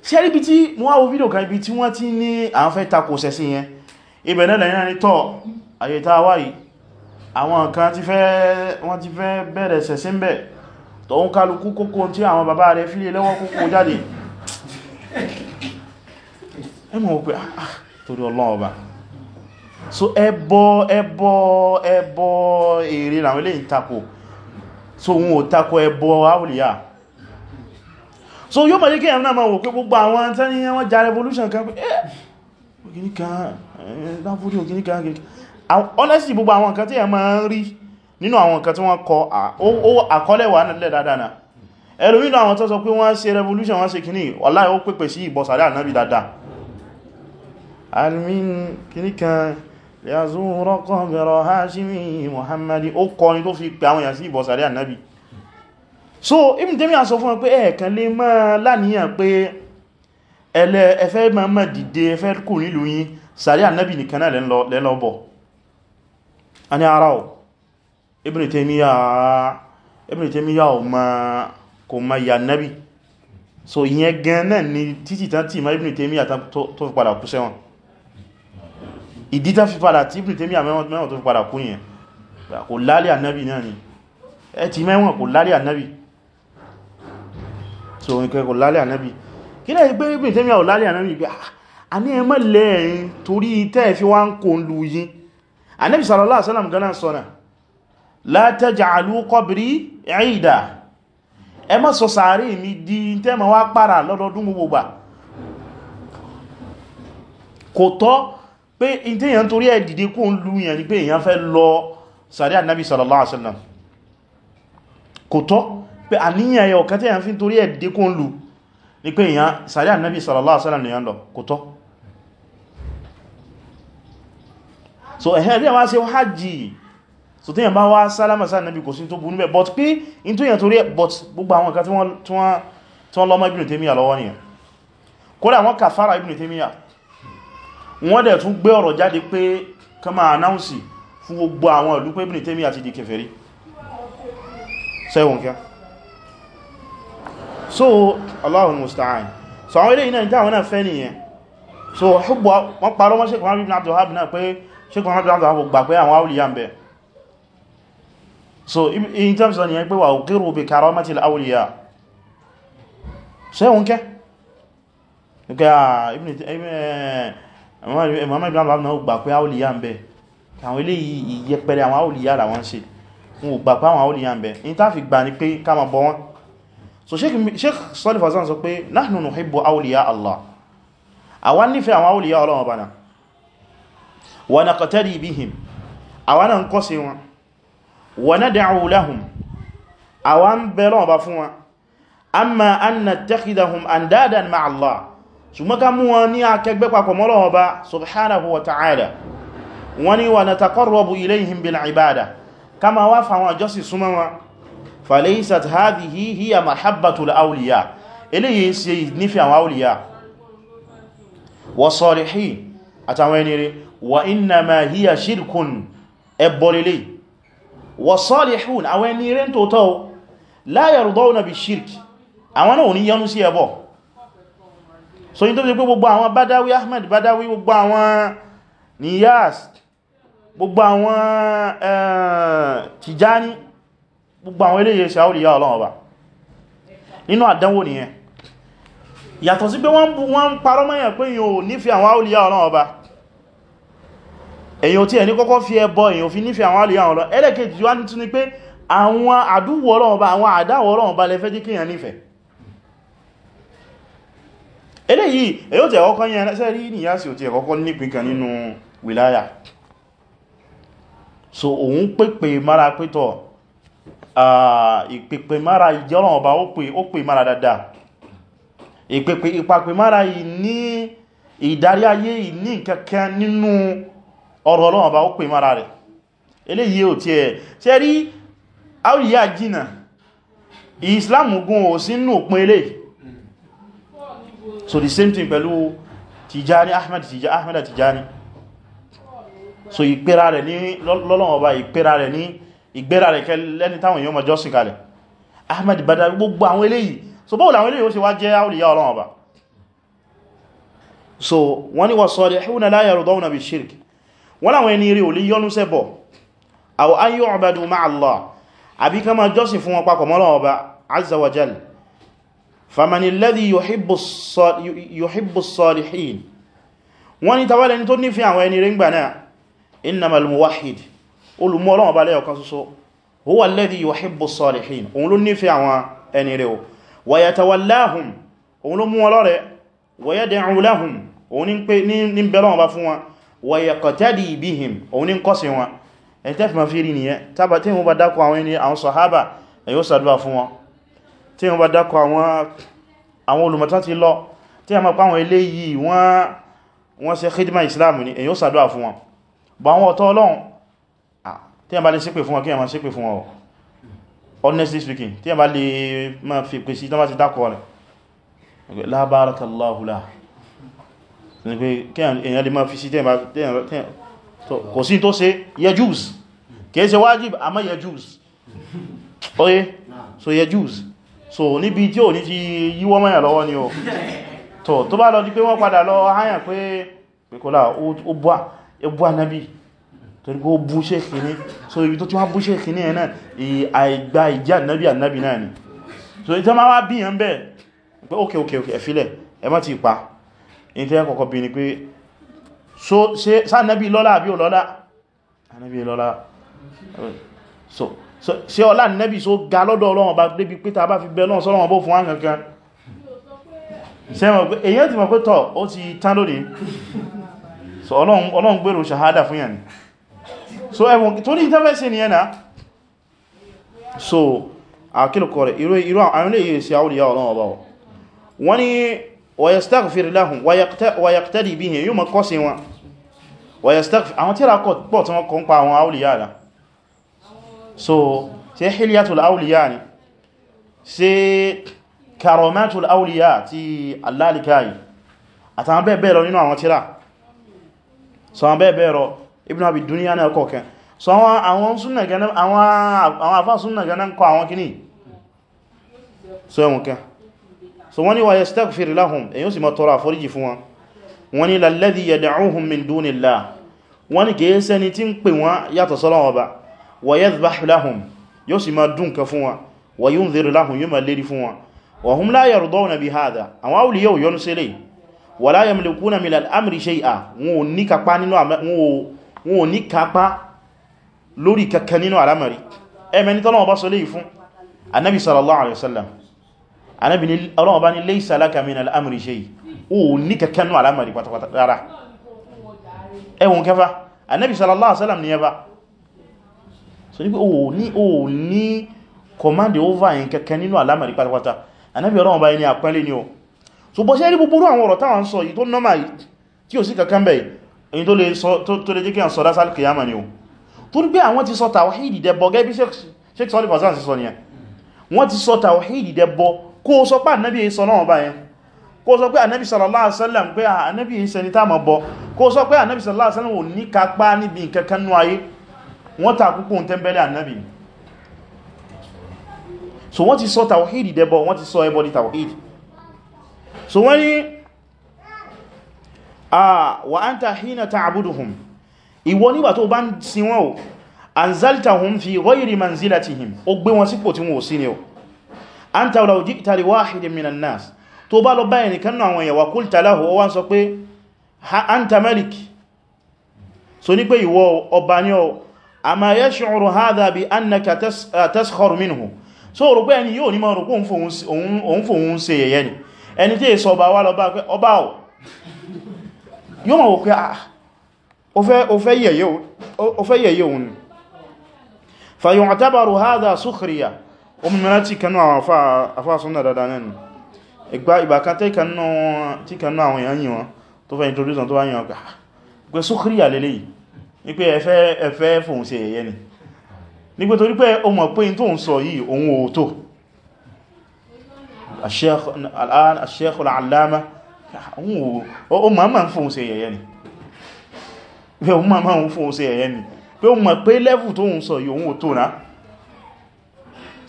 ṣe rí bí tí mo wá wo fídíò kan ibi tí wọ́n ti ní àwọn fẹ́ takò ṣẹ̀ṣe yẹn ibẹ̀ náà lẹ́yìn náà tọ́ àyètá wáyìí àwọn kan ti fẹ́ wọ́n ti fẹ́ bẹ̀rẹ̀ sẹ̀sẹ̀ ń bẹ̀ tó ń kálukú kókó tí àwọn bàbá rẹ̀ fílé lẹ́wọ́ kókó jáde ẹmọ̀ òpé ah, ah, torí Ọlọ́run ọba so ẹbọ ẹbọ ẹbọ èrè làwọn ilé ìtakò so wọn ò takò ẹbọ áwùlìyà so yóò mọ̀lé kí ẹ̀rùn náà ma wò pé gbogbo àwọn tẹ́ni wọ́n ja revolution kan pé ẹ́ eh, honestly gbogbo àwọn nǹkan tí ẹ máa ń rí nínú àwọn nǹkan tí wọ́n kọ àkọlẹ̀ wà nílẹ̀ dáadáa náà ẹlòmínú àwọn tó sọ pé wọ́n ṣe revolution wọ́n ṣe kìíní wallahi ó pèpè sí ìbọ̀sàdá náàbì dáadáa almin kìníkan yazuru raqaba hashimi muhammadi ó kọ́ ni tó fi pẹ àwọn èèyàn sí ìbọ̀sàdá náàbì so Ibn Taymiyyah sọ fún ẹ pé ẹ̀ẹ̀kan lè máa láníyàn pé ẹlẹ́ ẹfẹ́ máa dìde ẹfẹ́ kù nílùú yín sàrí ànábì nìkan náà lẹ́lọ́bọ̀ a ní ara ọ̀ Ibn Taymiyyah ọ̀ ma kò ma yà nábi so ìyẹn gan náà ni títí tán tí ma Ibn Taymiyyah tó fi padà kú sẹ́wọ̀n ìdí tán fi padà tí Ibn Taymiyyah mẹ́wọ̀n tó fi padà kú yẹn kò lálẹ́ ànábì náà ni ẹ ti mẹ́wọ̀n kò lálẹ́ ànábì so nǹkan kò lálẹ́ ànábì kí lẹ́ gbé Ibn Taymiyyah ò lálẹ́ ànábì pé a ah, ní ẹmọ́ lẹ́ẹ̀rin torí tẹ́ẹ̀ fi wá ń kò lù yìí Ànábì sallallahu alaihi wasallam gana sọ́nà la taj'alu qabri 'ida ẹ má sọ sàárì mi di tẹ́mà wá pàrà lọ́dọọdún gbogbo kò tọ́ pé ìtẹ́yàn torí ẹ̀ dìde kó ń lú ìyàn ni pé èyàn fẹ́ lọ sàárì Ànábì sallallahu alaihi wasallam kò tọ́ pé àníyàn ẹ̀ ọ̀kan tẹ́yàn fi torí ẹ̀ dìde kó ń lú ni pé èyàn sàárì Ànábì sallallahu alaihi wasallam nìyàn lọ kò tọ́ so ẹ̀hẹ́ rí àwọn aṣe hajji so tí yẹn bá wá sálámà sáà nẹ́bí kò sí tó burú níbẹ̀ but pé in tó yẹn torí ẹ̀ but gbogbo àwọn nǹkan tí wọ́n lọ́mọ Ibn Taymiyyah lọ́wọ́ nìyàn kódà wọ́n kàfàrà Ibn Taymiyyah wọ́n dẹ̀ tún gbé ọ̀rọ̀ jáde pé kama anáùsì fún gbogbo àwọn ìlú pé Ibn Taymiyyah ti di kèfèrí sẹ́wọ̀n kíá so Allahul musta'an so àwọn ilé iná ìjà wọn náà fẹ́ nìyẹn so wọ́n parọ́ mọ́ṣẹ́kọ̀ọ́ Ibn Abdul Wahhab náà pé ṣíkùn ọmọdé àwọn gbà pé àwọn awliya ń bẹ so in terms of yẹn pé wà òkèrò bí karamatil awliya ṣẹ́hun kẹ́ nígbà ah, eh, Muhammad eh, ibn Abdullah gbà pé awliya ń bẹ àwọn ilé ìyẹpẹrẹ àwọn awliya là wọ́n ṣe wọn àwọn awliya ń bẹ in ta fi gbà ní pé so Sheikh Salih Fawzan sọ pé nahnu nuhibbu awliya Allah àwa nífẹ̀ẹ́ àwọn wa naqtadi bihim àwa náà ń kọ́ sí wọn wa nad'u lahum àwa ń bẹ̀rẹ̀ ọba fún wọn amma an nattakhidahum andadan ma'a Allah ṣùgbọ́n ká mú wọn ní akẹgbẹ́ papọ̀ mọ́ Ọlọ́run Ọba subhanahu wa ta'ala wọ́n ni wa nataqarrabu ilayhim bil ibada kama wá fàwọn àjọsí súnmọ́ wọn falaysat hadhihi hiya mahabbatul awliya eléyìí ṣe nífẹ̀ẹ́ àwọn awliya wa salihin àtàwọn ẹni wa innama hiya shirkun ẹbọlele wa salihun àwọn ẹni rẹ̀ tó tọ́ la yardawna bi shirk àwọn náà ní yanu sí ẹbọ so yí tó ti pé gbogbo àwọn Badawi Ahmed Badawi gbogbo àwọn Niyas gbogbo àwọn Tijani gbogbo àwọn eléyè sàúrì yà Ọlọ́run Ọba nínú àdánwò nìyẹn yàtọ̀ sí pé wọ́n ń parọ́ pé yíò nífẹ́ àwọn àúlìyà Ọlọ́run Ọba èyàn tí ẹni kọ́kọ́ fi ẹbọ èyàn fi nífẹ̀ẹ́ àwọn alìyà ọ̀lọ́ ẹlẹ́kẹ̀ẹ́jì tí wá ní tún ní pé àwọn àdúwọ̀ Ọlọ́run bá àwọn àdáwọ̀ Ọlọ́run bá lẹ́fẹ́ jíkẹ́ èyàn nífẹ̀ẹ́ eléyìí èyàn tí ẹ̀kọ́kọ́ yẹn ẹsẹ́ rí níyà sí òtí ẹ̀kọ́kọ́ nípin kan nínú wìláyà so òun pèpè mara pẹ́tọ̀ ìpèpè mara ìjẹ́ Ọlọ́run ọba ó pè mara dáadáa ìpèpè ìpàpè mara ìní ìdarí ayé ìní nǹkankan nínú ọ̀rọ̀ ọlọ́wọ̀n bá ó pè mara rẹ̀ eléyìí ò tí ẹ̀ ṣe rí áwùyà jìnà islam gún ò sí nù pín ilé so the same thing pẹ̀lú tijani ahmed tijani ahmed tijani so ìpẹ́ra rẹ̀ ní lọ́lọ́wọ̀n bá ìpẹ́ra rẹ̀ ní ìgbẹ́ra rẹ̀ kẹ lẹ́ni táwọn èèyàn mọ̀ jọ́sìn ahmed badari gbogbo àwọn eléyìí so báwo làwọn eléyìí ó ṣe wá jẹ́ áwùyà ọlọ́wọ̀n bá so wọ́n ni wọ́n sọ rẹ̀ húnna la yardawna shirk wọ́n láwọn ẹni rí ò lè yọ́nú sẹ́bọ̀ àwọn ayé ọ̀bẹ̀dù máa Allah àbí ká máa jọ́sìn fún wọn papọ̀ mọ́ Ọlọ́run Ọba azza wa jal famanilladhi yuhibbus salihin wọ́n ni tawẹ́lẹ̀ ni tó nífẹ́ àwọn ẹni rígbà náà innamal muwahhid olùmọ́ Ọlọ́run Ọba lẹ́yọ̀kan ṣoṣo huwa alladhi yuhibbus salihin òun ló nífẹ́ àwọn ẹni rí wa yatawallahum òun ló mú wọn lọ́rẹ̀ wa wa yaqtadi bihim òun ní kọ́sí wọn ẹni tẹ́fì ma fi rí nìyẹn tàbà tí wọ́n bá dákọ̀ àwọn ẹni àwọn sàhábà èyí ó sàdúwà fún wọn tí wọ́n bá dákọ̀ àwọn olùmọ̀tán ti lọ tí a ma pa àwọn eléyìí wọ́n ṣe khidma islam ni èyí ó sàdúwà wọ́n kò sí tó ṣe yẹjúz kìí ṣe wájib àmọ́ yẹjúz oye so yẹjúz so níbi tí ò ní ti yíwọ́ mọ́yà lọ́wọ́ ni o tọ́ tó bá lọ di pé wọ́n padà lọ háyà pé pẹ̀kọ́lá ó bú ànábì tó ní kó bú ṣe kìíní so ibi tó tí wọ́n bú ṣe kìíní ẹ̀nà àìgbà ìjá ànábì ànábì náà ni so ìtọ́ máa wá bí yẹn bẹ́ẹ̀ pé ókè ókè ókè ẹ̀fílẹ̀ ẹ má ti in tí ẹkọ̀kọ́ bí ni pé so sáànẹ́bí lọ́lá àbí olọ́lá ànẹ́bí lọ́lá so ṣe ọlá nẹ́bí so ga lọ́dọ̀ Ọlọ́run bá débi pé ta bá fi bẹ́ lọ́n sọ́lọ́wọ́n bó fún àǹkankan èyàn ti mọ̀ pé tọ́ ó ti tán lónìí so Ọlọ́run gbèrò ṣàhádà fún yàn so ẹwọ̀n tó ní ìtẹ́fẹ́ sí so àkílùkọ rẹ̀ irú àwọn ilé ìyẹ̀ sí àwòrìyà Ọlọ́run ọba wọ́n ni ويستغفر لهم ويقتدي به يوم قسوا ويستغفر àwọn tírà ko pọ̀ ton ko npa àwọn awliya la so ṣe hilyatul awliya ni ṣe karamatul awliya ti allalikai àtàwọn bẹ́ẹ̀ bẹ́ẹ̀ lọ nínú àwọn tírà so àwọn bẹ́ẹ̀ bẹ́ẹ̀ lọ ibn abi dunya na ko kan so àwọn àwọn sunna gan àwọn àwọn afa sunna gan ko àwọn kini so won kan so wọ́n ni wa yastaghfir lahum èyí sì ma tọrọ àforíjì fún wọn wọ́n ni lalladhi yad'uhum min dunillah wọ́n ni kìí sẹni tí ń pè wọ́n yàtọ̀ sọ́lọ́wọ́ ba wa yadhbah lahum yóò lórí kankan nínú àlámọ̀rí ẹmẹni tọ́lọ́wọ́ bá sọ léyìí fún annabi sallallahu alaihi wasallam anábìnrin ọlọ́wọ́ bá ní laysa laka min al-amri shay o ní kẹkẹnú alamari pátápátá rárá ẹwùn kẹfà anábì sallallahu alaihi wasallam ni ẹba so ní pé o ní o ní command over yìí kẹkẹ nínú alamari pátápátá anábì ọlọ́wọ́ bá ní àpẹẹlẹ ni o so bọ́ sí rí búburú àwọn ọ̀rọ̀ táwọn sọ yìí tó nọ́mà tí ò sí kẹkẹn bẹ̀ èyí tó lè jẹ́ kí à ń sọ dásálì kìyàmà ni o ní pé àwọn ti sọ tàwáhìdì dẹbọ gẹ́bí Sheikh Sọ́lífà sáà sí sọ wọ́n ti sọ tàwáhìdì dẹbọ kó sọ pé ànábì ìsọ náà bá yẹn kó sọ pé ànábì sallallahu alaihi wasallam pé ah, ànábì ìsẹ ní tàà bọ kó sọ pé ànábì sallallahu alaihi wasallam ò ní kápá níbi nǹkankan nú ayé so wọ́n ti sọ so wọ́n ni ah, wa anta hina ta'buduhum ìwọ nígbà tó bá ń sin wọn o anzaltahum fi ghayri anta law ji'ta li wahidin minan nas tó bá lọ bá ẹnìkan náà àwọn èèyàn wa qulta lahu ó wá sọ pé anta malik so ní pé ìwọ ọba ní ọ ama yash'uru hadha bi annaka eh, taskharu minhu so rò pé ẹni yóò ni ẹni tí ó mú mẹ́rán tí kanú àwọn afáàsúnnà dada náà ni ìgbà ìbàkan tí kanú àwọn èèyàn yìí wọn tó fẹ́ introduce tó wá yìí wọn gbà pé ah, sókríyà lélẹ̀ yìí ní pé ẹfẹ́ fòun ṣe ẹ̀yẹ ni ní pé torí pé o mọ̀ pé tó ń sọ yìí òun ò tó al-sheikh o mọ̀ pé level tó ń sọ yìí òun ò náà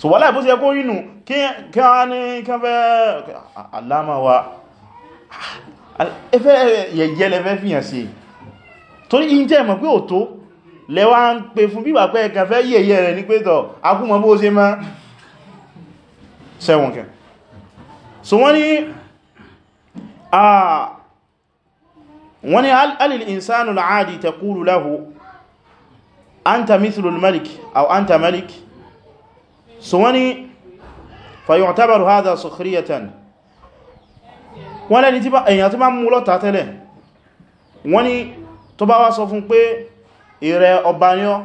so wà láì bó ti ẹkó rínú kí a ní kẹfẹ́ aláma wa ah, ẹfẹ́ yẹ̀yẹ́ lẹ́fẹ́ fìyàn sí torí yí jẹ́ mọ̀ pé ò tó lẹ́wà ń pè fún bíbà pé kẹfẹ́ yẹ̀yẹ́ rẹ̀ ní pétọ̀ akúmọ̀ bó ṣe má sẹ́wọ̀n kẹ so wọ́n ni ah, wọ́n ni alil insanu al'adi taqulu malik aw anta malik so wọ́n ni fayọ̀tabaru haza sukhriyatan wọ́n lẹ́ni èyàn tí bá mú lọ́ta tẹ́lẹ̀ wọ́n ni tó bá wá sọ fún pé ìrẹ ọba ní ọ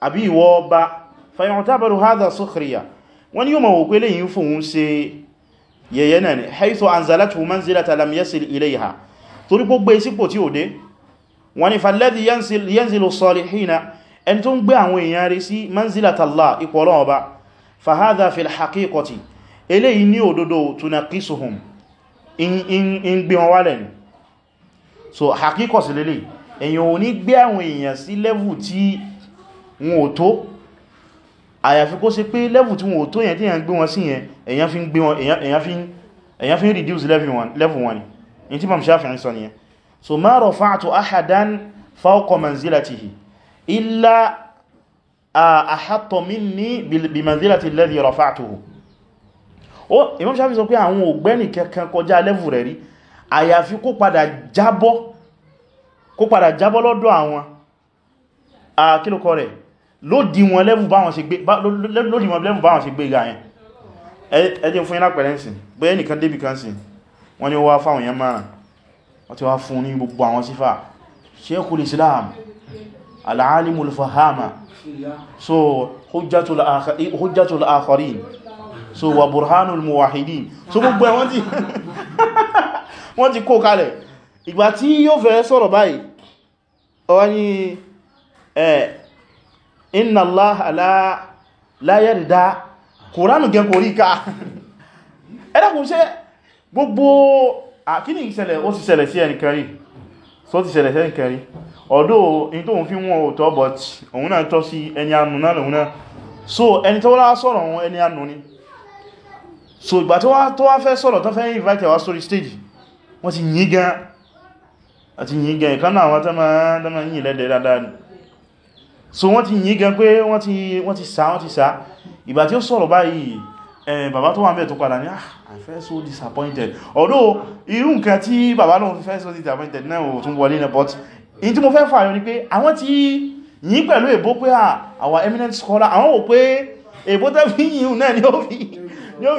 àbí ìwọ ọba fayọ̀tabaru haza sukhriya wọ́n ni yóò mọ̀ wò pé lẹ́yìn fòun ṣe yẹ̀yẹ́ náà ni haithu anzalatu manzilata lam yasil ilayha torí gbogbo isípò e tí ò dé wọ́n ni falladhi yanzilu salihina ẹni tó ń gbé àwọn èèyàn rí sí manzilata Allah ipò ọlọ́ọba fahadha fil haqiqati eléyìí ní òdodo tunaqisuhum in gbé wọn wálẹ̀ ni so haqiqo sí lélẹ̀ èyàn ò ní gbé àwọn èèyàn sí lẹ́vù tí wọn ò tó àyàfi kó ṣe pé lẹ́vù tí wọn ò tó yẹn tí èyàn gbé wọn sí yẹn èyàn fi reduce lẹ́vù wọn ni so ma rafa'tu ahadan fawqa manzilatihi illa ahatọ minni bimanzilati alladhi rafa'tuhu o Imam Shafi sọ pé àwọn ògbẹ́ni kankan kọjá lẹ́fù rẹ̀ rí àyàfi kó padà jábọ́ kó padà jábọ́ lọ́dọ̀ àwọn àkílùkọ rẹ̀ lódì wọn lẹ́fù báwọn ṣe gbé ga yẹn ẹjẹ́ fún iná pẹ̀lẹ́ sí pé ẹnìkan débì kan sí wọ́n ni ó wá fáwọn yẹn márùn al'alimul fahama so hujjatul akharin so wa burhanul muwahidin so gbogbo wọ́n ti *laughs* wọ́n ti kó kalẹ̀ ìgbà tí yóò fẹ́ sọ̀rọ̀ báyìí wọ́n ni eh inna allah la la yarda qur'anu gen kori ka era ko se gbogbo akini ìṣẹ̀lẹ̀ ó sì ṣẹlẹ̀ sí ẹnìkan rí so ti ṣẹlẹ̀ sí ẹnìkan rí ọ̀dọ́ in tó ń fi wọn òtọ́ but òun náà tọ́ sí ẹni anù náà lòun náà so ẹni tó wá sọ̀rọ̀ wọn ẹni anù ni so ìgbà tó wá fẹ́ sọ̀rọ̀ tó fẹ́ invite our story stage wọ́n ti yí gan àti yí gan ìkánà àwọn tẹ́mà yí lẹ́dẹ̀ dáadáa ni so wọ́n ti yí gan pé wọ́n ti sá wọ́n ti sá ìgbà tí ó sọ̀rọ̀ báyìí bàbá tó wà mẹ́ tó padà ní ah, I feel so disappointed although irú nǹkan tí bàbá lóun feel so disappointed náà ò tún wọlé náà but in tí mo fẹ́ fàyọ ni pé àwọn tí yìí pẹ̀lú èbó pé àwọn ah, eminent scholar àwọn wò pé èbó tẹ́ fi yìí náà ni ó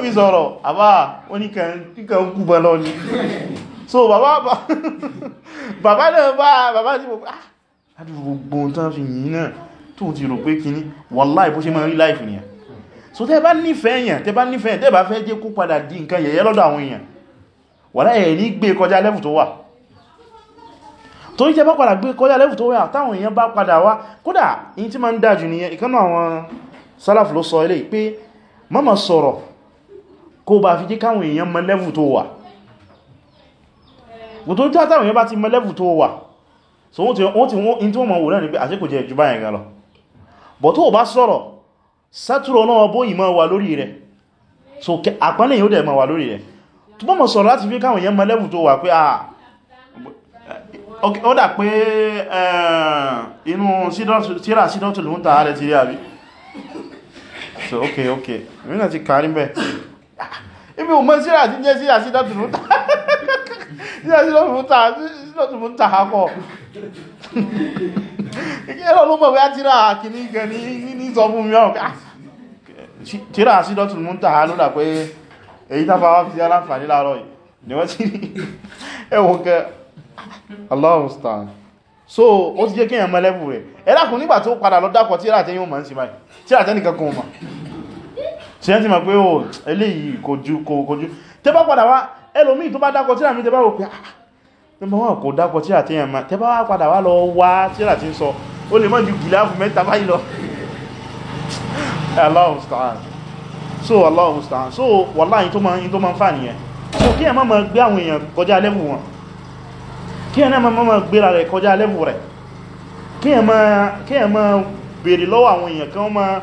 fi sọ̀rọ̀ àbá oníkàn gúgbọ́ lọ ni so bàbá bàbá náà bá bàbá ah, tí mo pé àdúgbò tán fi yìí náà tó ti rò pé kíní wàláì bó ṣe máa rí láìfì nìyàn ní gbé kọjá lẹ́fù tó wà tó ń jẹ bá padà gbé kọjá lẹ́fù tó wà táwọn èèyàn bá padà wá kódà in tí ma ń dájú nìyẹn ìkanú àwọn sálàfù ló sọ ilé pé mọ́mọ̀ sọ̀rọ̀ kó bá fi jí káwọn èèyàn mọ lẹ́fù tó wà gbogbo tó táwọn èèyàn bá ti mọ lẹ́fù tó wà so wọ́n ti wọ́n in tí wọ́n mọ̀ wò náà ni pé àṣíkò jẹ jù báyẹn gan lọ bọ̀ tó bá sọ̀rọ̀ sátúrọ̀ náà bó ìmọ̀ wà lórí rẹ̀ so àpánlẹ̀ yóò dẹ̀ mọ̀ wà lórí rẹ̀ tó bọ́mọ̀ sọ̀rọ̀ láti ó dà pé eh, inú tíra sídọ́tù ló ń ta ààrẹ ti rí àbí so ok ok ìrìnà ti kàrí mẹ́ ibi o mọ́ síra ti jẹ́ síra sídọ́tù ló ń ta àkọ́ ẹ̀rọ ló mọ̀ bẹ́ tíra kìíní gan ní sọ fún mi ọ̀ká ah. tíra sídọ́tù ló ń ta ló dà pé èyí tábà wá fi aláǹfà níláàrọ̀ yìí ni wọ́n ti rí ẹwọ̀n kẹ́ Allahu star so ó ti jẹ́ kí èyàn mẹ́lẹ́bù rẹ̀ ẹlákùn nígbà tó padà lọ dákọ̀ tí àtẹ́yìn òmà ń sí báyìí tí àtẹ́nì kankan òmà tí ẹ́ ti mọ̀ pé o oh, eléyìí kojú kojú tẹ́ bá padà wá ẹlòmíì tó bá dákọ̀ tí àmì tẹ́bá òpin ah, àmì kò dákọ̀ tí àtẹ́yìn ma ń so Allahu musta'an so wallahi tó máa ń fà nìyẹn so kí ẹ má máa gbé àwọn èèyàn kọjá lẹ́bù wọn kí ẹ̀nà ma mọ́ gbéra rẹ̀ kọjá lẹ́bù rẹ̀ kí ẹ̀ ma bèèrè lọ́wọ́ àwọn èèyàn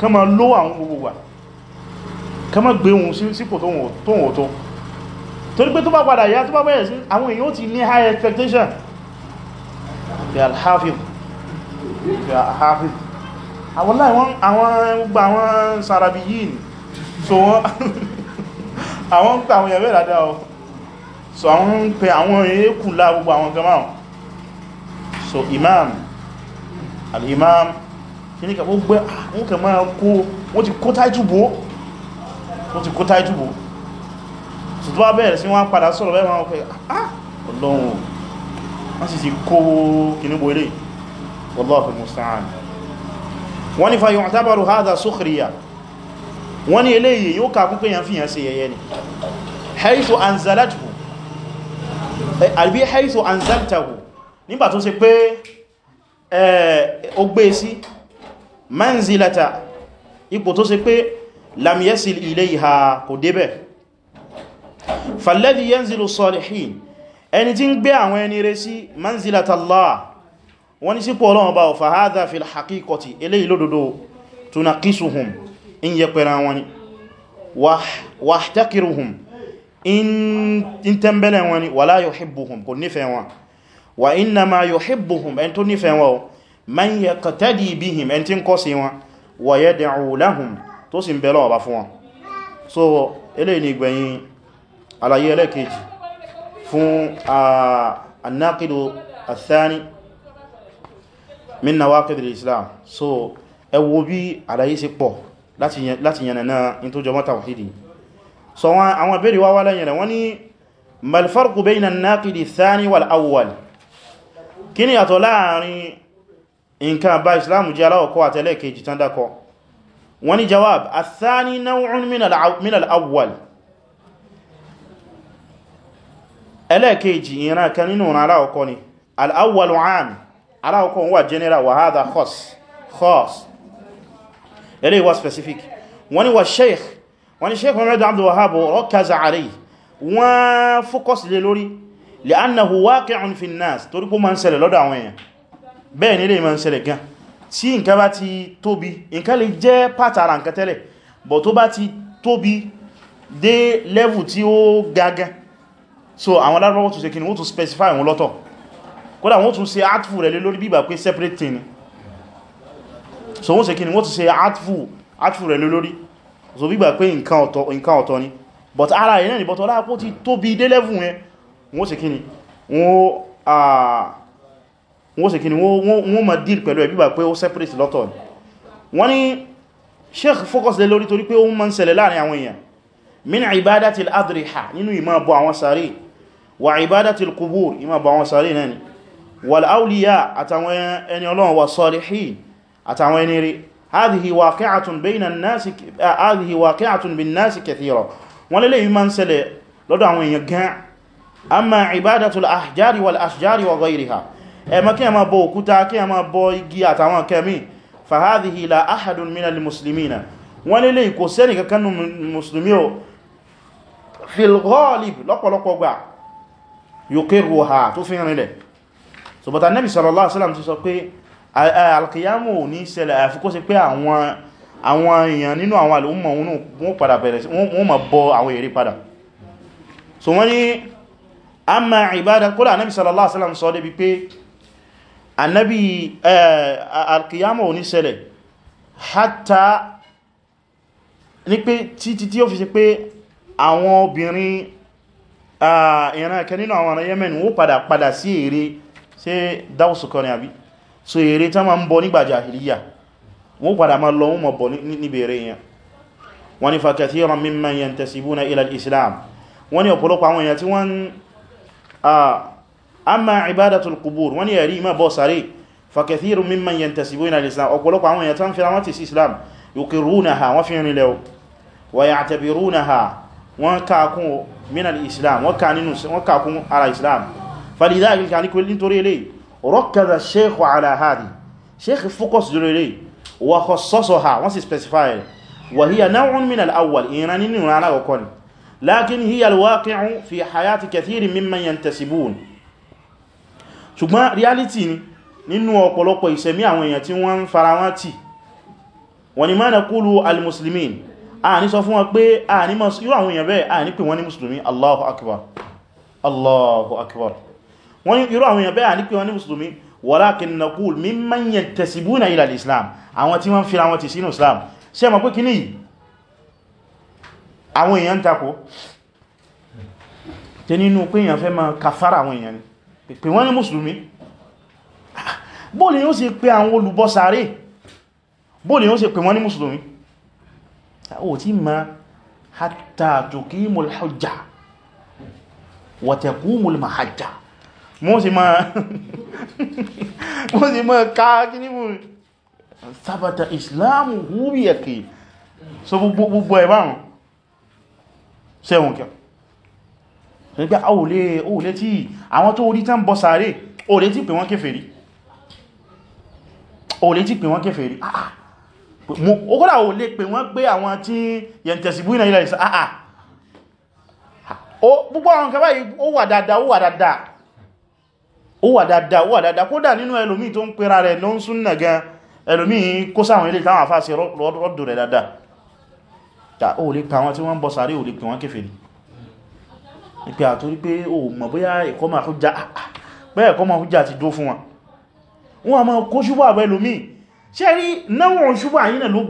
kan ma lówó àwọn gbogbo kan ma gbé ohun sípò tó torí pé tó bá padà yá tó bá bẹ̀rẹ̀ sí àwọn èèyàn ti ní high expectation àwọn láì àwọn sàràbí yìí so *laughs* àwọn ń àwọn èèyàn bẹ́ẹ̀ dáadáa so àwọn ń pè àwọn èékù lá gbogbo àwọn gama so imam al-imam kí ní kàbó gbé wọ́n kà máa kó wọ́n ti kó táìtùbò wọ́n ti kó táìtùbò so tó bá bẹ̀rẹ̀ sí wọ́n padà sọ̀rọ̀ bẹ́ẹ̀ wọ́n pẹ̀ ah ọlọ́run wọ́n sì ti kó kìnnìbò ilé wallahu musta'an wọ́n ni fa yu'tabaru hadha àbí haisu anzaltahu nígbà tó ṣe pé ó gbé e sí manzilata ipò tó ṣe pé lam yasil ilayha kò débẹ̀ falladhi yanzilu salihin ẹni tí ń gbé àwọn ẹni rẹ̀ sí manzilata Allah wọ́n ní sípò ọlọ́run bá ọ̀fà hadha fil haqiqati eléyìí lódodo tunaqisuhum in in tẹ́mbẹ̀lẹ̀ wọn ni wala yuhibbuhum kò nífẹ̀ẹ́ wọn wa innama yuhibbuhum ẹn tó nífẹ̀ẹ́ wọn man yaqtadi bihim ẹn tí ń kọ́ sí wọn wa yad'u lahum tó sì ń bẹ̀lọ́ ọba fún wọn so ilé ni gbẹ̀yìn àlàyé ẹlẹ́kejì fún an-naqidu ath-thani so ẹ wo bí àlàyé ṣe pọ̀ láti yànnà náà in tó jọmọ́ tawhidi so àwọn ìbéèrè wá wá lẹ́yìn rẹ̀ wọ́n ní malfarku bayna náàkìdì thani wal awwal kí ni yàtọ̀ láàrin nǹkan bá islamu jẹ́ aláwọ̀kọ́ àtẹ́lẹ̀ kejì tán dákọ wọ́n ní jawab athani naw'un min al'awwal ẹlẹ́kejì ìran kan nínú aláwọ̀kọ́ ni al'awwal am aláwọ̀kọ́ wà general wa hadha khas khas ele wa sheikh wọ́n ni sheikh mohamed abdul wahab rọ́kàza àrí wọ́n fókọ́sì lé lórí li'annahu waqi'un fi an-nas torí kó ma ń ṣẹlẹ̀ lọ́dọ̀ àwọn èèyàn bẹ́ẹ̀ nílé ma ń ṣẹlẹ̀ gan tí nǹkan bá ti tóbi nǹkan lè jẹ́ pàtàrà nǹkan tẹ́lẹ̀ bọ̀ tó bá ti tóbi dé lẹ́vù tí ó gaga so àwọn lárọ́wọ́ tó ṣe kí ni wọ́n tún so bí gbà pé nǹkan ọ̀tọ̀ nǹkan ọ̀tọ̀ ni but ara yẹn ni but ọlá pó ti tóbi dé level yẹn wọ́n ṣe kíni wọ́n ṣe kíni wọ́n ma deal pẹ̀lú ẹ̀ bí gbà pé ó separate lọ́tọ̀ ni wọ́n ni sheikh focus lé lórí torí pé ó ma ń ṣẹlẹ̀ láàrin àwọn èèyàn min ibadatil adriha nínú ìmá bọ هذه واقعة بين الناس هذه واقعة بالناس كثيرا ولله ما نسل لدى àwọn èèyàn gan اما عبادة الاحجار والاشجار وغيرها اما كما bọ òkúta كما bọ igi àtàwọn kemi فهذه لا احد من المسلمين ولله kò sẹ́ni kankan nu muslimi o في الغالب lọ́pọ̀lọpọ̀ gbà yuqirruha tó fi rinlẹ̀ so but annabi sallallahu alaihi wasallam ti sọ pé alkiyamu eh, ò ní ṣẹlẹ̀ àfi kó ṣe pé àwọn èèyàn nínú àwọn alùmọ̀ wọn padà bẹ̀rẹ̀ sí wọ́n ma bọ àwọn èrè padà so wọ́n ni a ma ìbádà kódà anábi sallallahu alaihi wasallam sọ débi pé anábi eh, alkiyamu ò ní ṣẹlẹ̀ hátà ní pé títí tí ó fi ṣe pé àwọn obìnrin ah, ìran ẹ̀kẹ́ nínú àwọn ará Yemen wó padà padà sí èrè sí dáwọ́sùkọ́ ni àbí so ère tán ma ń bọ nígbà jahiliya wọ́n padà ma lọ wọ́n ma bọ níbi ère yẹn wọ́n ni fa kathiran mimman yantasibuna ila al-islam wọ́n ni ọ̀pọ̀lọpọ̀ àwọn èèyàn tí wọ́n amma ibadatul qubur wọ́n ni ẹ̀rí ma bọ́ sáré fa kathiran mimman yantasibuna ila al-islam ọ̀pọ̀lọpọ̀ àwọn èèyàn tán ti islam yuqirunaha wọ́n fi rin wa ya'tabirunaha wọ́n kàkún min al-islam wọ́n kàkún ara islam falidhalika ní nítorí eléyìí rọ́kẹ̀dà sheikh ala hadi sheikh focus lórí rẹ̀ wà kọsọ́sọ́ ha wọ́n sì specify rẹ̀ wà híyà náwọn min al'awwal ìran nínú rana kọkọ ni lakin híyà alwaqi'u fi hayati kathirin mimman yantasibun ṣùgbọ́n reality ni nínú ọ̀pọ̀lọpọ̀ ìṣẹ̀mí àwọn èèyàn tí wọ́n ń fara wọn tì wọ́n ni ma naqulu al-muslimin a ní sọ fún wọn akbar allahu akbar wọ́n irú àwọn èèyàn bẹ́ẹ̀ ní pé wọ́n ní mùsùlùmí walakin naqul mimman yantasibuna ila al-islam àwọn tí wọ́n fira wọn ti sínú islam ṣe mọ̀ pé kí ní yìí àwọn èèyàn takò tẹ nínú pé èèyàn fẹ́ máa kàfàrà àwọn èèyàn ni pé wọ́n ní mùsùlùmí bóòlì yóò wọ́n sì máa ká kí ní mú sábàtà islamu húrí ẹ̀kì so gbogbo ẹ̀bárùn sẹ́wọ̀n kẹ́ ṣe pé o lè tí àwọn tó orí tán bọ́ sáré o lè tí pè wọ́n kèfèrí o lè tí pè wọ́n kèfèrí ah, ah. o kọ́lá o lè pè wọ́n pé àwọn tí yẹntẹ̀sìbú ìnà ilẹ̀ ìsá àà ah, gbogbo àwọn kẹfà yìí ó wà dáadáa ó wà dáadáa ó wà dáadáa ó wà dáadáa kódà nínú ẹlòmí tó ń pera rẹ̀ ló ń súnnà gan ẹlòmí kó sáwọn ilé táwọn àfáà sí rọ́dù rẹ̀ dáadáa tà ó lè pa wọn tí wọ́n bọ́ sáré ò lè pè wọ́n kéfèrí ìpé àtorí pé ó mọ̀ bóyá ẹ̀kọ́ máa hújá ah, ah, bẹ́ẹ̀ ẹ̀kọ́ máa hújá ti dó fún wọn ni náwọn ṣubú àyínà ni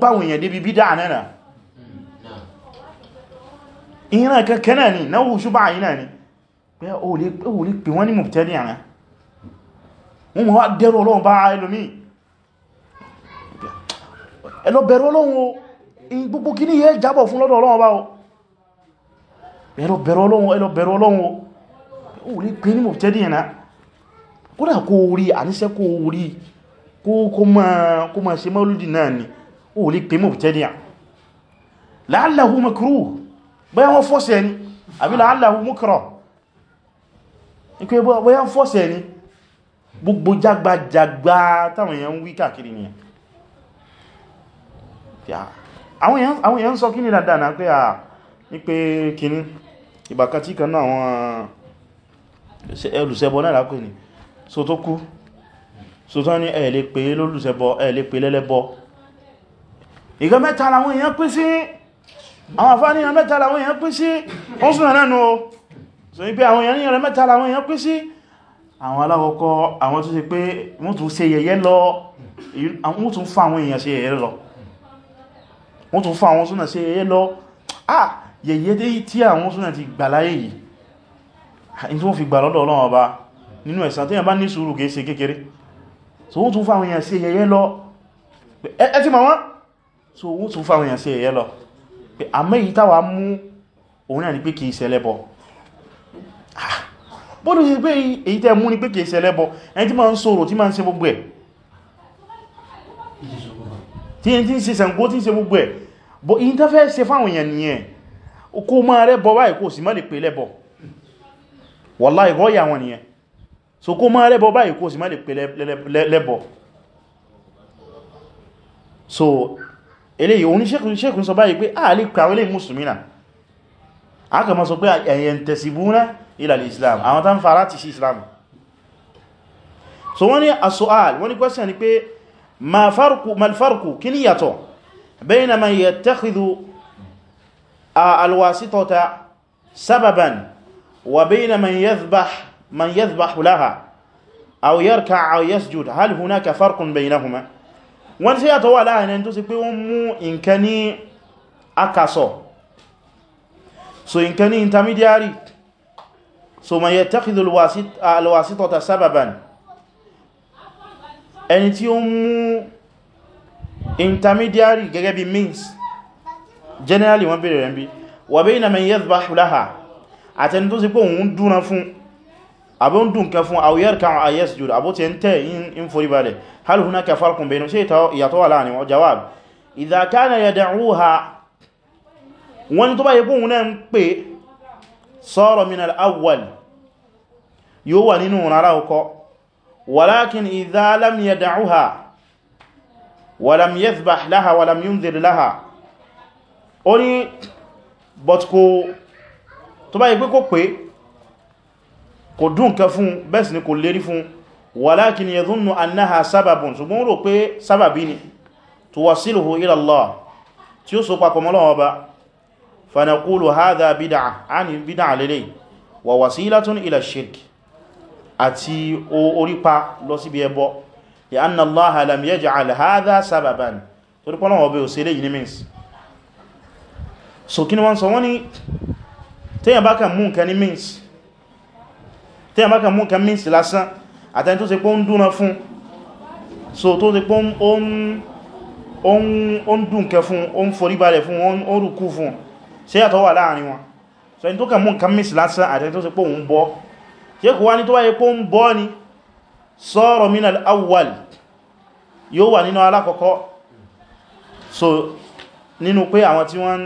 pé ó lè pè wọ́n ní mọ̀tẹ́lì wọ́n mọ̀ wá dẹ́rù ọlọ́run bá ẹlòmí ẹlọ bẹ̀rù ọlọ́run o in gbogbo kí ní yẹ jábọ̀ fún lọ́dọ̀ ọlọ́run bá o ẹlọ bẹ̀rù ọlọ́run ẹlọ bẹ̀rù ọlọ́run o o lè pè ní mọ̀ tẹ́dì ẹ̀nà kódà kó orí àníṣẹ́ kó orí kó ma ṣe mọ́lúdì náà ni o lè pè mọ̀ tẹ́dì à láàláhù mọ̀kúrú bẹ́ẹ̀ wọ́n fọ́sẹ̀ ni àbí láàláhù mọ̀kúrọ̀ ikú ẹgbẹ́ wọ́n fọ́sẹ̀ ni gbogbo jágbàjàgbà táwọn èèyàn ń wí káàkiri ni àwọn èèyàn sọ kíní dáadáa náà pé à ní pé kíní ìbàkàtí kan náà àwọn ẹlùsẹ̀bọ náà lákò ní so tó kú so tó ní ẹ lè pè lólùsẹ̀bọ ẹ lè pè lẹ́lẹ́bọ ìgbẹ́ mẹ́ta làwọn èèyàn pín sí àwọn àfáàníyàn mẹ́ta làwọn èèyàn pín sí ó sùn náà nù ó so ní pé àwọn èèyàn mẹ́ta làwọn èèyàn pín sí àwọn aláwọ̀kọ́ àwọn tó ṣe pé wọ́n tún ṣe yẹ̀yẹ́ lọ wọ́n tún fún àwọn èèyàn ṣe yẹ̀yẹ́ lọ wọ́n tún fún àwọn súnà ṣe yẹ̀yẹ́ lọ ah yẹ̀yẹ́ dé tí àwọn súnà ti gbà láyé yìí in tí wọ́n fi gbà lọ́dọ̀ Ọlọ́run ọba nínú ẹ̀san tí yẹn bá ní sùúrù kìí ṣe kékeré so wọ́n tún fún àwọn èèyàn ṣe yẹ̀yẹ́ lọ ẹ ti mọ̀ wọ́n so wọ́n tún fún àwọn èèyàn ṣe yẹ̀yẹ́ lọ bọ́dù sí pé èyí tẹ́ mú ní pé kìí ṣẹlẹ́bọ ẹni tí ma ń sọ̀rọ̀ tí ma ń ṣe gbogbo ẹ̀ tí ẹni tí ń ṣe Ṣàngó tí ń ṣe gbogbo ẹ̀ bọ̀ èyí tẹ́ fẹ́ ṣe fáwọn èèyàn nìyẹn kó máa rẹ́bọ báyìí kó sì má lè pè lẹ́bọ wallahi gọ́yà wọn nìyẹn so kó máa rẹ́bọ báyìí kó sì má lè pè lẹ́bọ so eléyìí oníṣẹ́kùn sọ báyìí pé a lè kàwẹ́lẹ̀ mùsùlùmí náà a kà máa sọ pé ẹ̀yẹn tẹ̀sìbú ila al-islam àwọn tán fara ti sí islam so wọ́n ni as-su'al wọ́n ni question ni pé ma farku mal farku kí ni yàtọ̀ bayna man yattakhidhu al-wasitata sababan wa bayna man yadhbah man yadhbah laha aw yarka' aw yasjud hal hunaka farqun baynahuma wọ́n sí yàtọ̀ wà wọ́n mú nǹkan ní so intermediary so man yattakhidhu alwasitata sababan ẹni tí ó mú intermediary gẹ́gẹ́ bí means generally wọ́n bèèrè rẹ̀ bí wa bayna man yadhbahu laha àtẹni tó sì pé òun dúnra fún àbí ń dùn kan fún aw yarka'u aw yasjudu àbó ti ń tẹ́ in forí balẹ̀ hal hunaka farqun ṣe ìyàtọ̀ wà láàrin wọn jawab idha kana yad'uha wọ́n tó bá yẹ kóhun náà ń pè sọ́rọ̀ min al'awwal yóò wà nínú rárá ọkọ̀ walakin idha lam yada'uha walam yadhbah laha walam yunzir laha ó ní bọ̀tkó tó bá ìgbé kó pé kò dùn ká fún bẹ́ẹ̀ sì ni kò lérí fún walakin yadhunnu annaha sábàbùn ṣùgbọ́n rò pé sábàbí ni tuwasiluhu ila Allah tí ó so papọ̀ mọ́lọ́wọ́ ba فنقول هذا بدعة عن بدعة للي ووسيلة إلى الشرك àti orípa lọ síbi ẹbọ ya anna allaha lam yaj'al hadha sababan tó rí pọ́lọ́wọ́ bí o sí léyìn means so kí ni wọ́n sọ wọ́n ni tíyàn bá kàn mún kan ní means tíyàn bá kàn mún kan means lásán àtẹni tó ṣe pọ́ ń dúnà fún so tó ṣe pọ́ ń dùnkẹ fún ó ń foríbalẹ̀ fún ó ń rùkú fún ṣe yàtọ̀ wà láàrin wọn so in tó kà mú nǹkan mìí lásán àti tó sì pò ń bọ́ ṣe kò wá ní tó wáyé pò ń bọ́ ni sọ́rọ̀ min al yóò wà nínú alákọ̀ọ́kọ́ so nínú pé àwọn tí wọ́n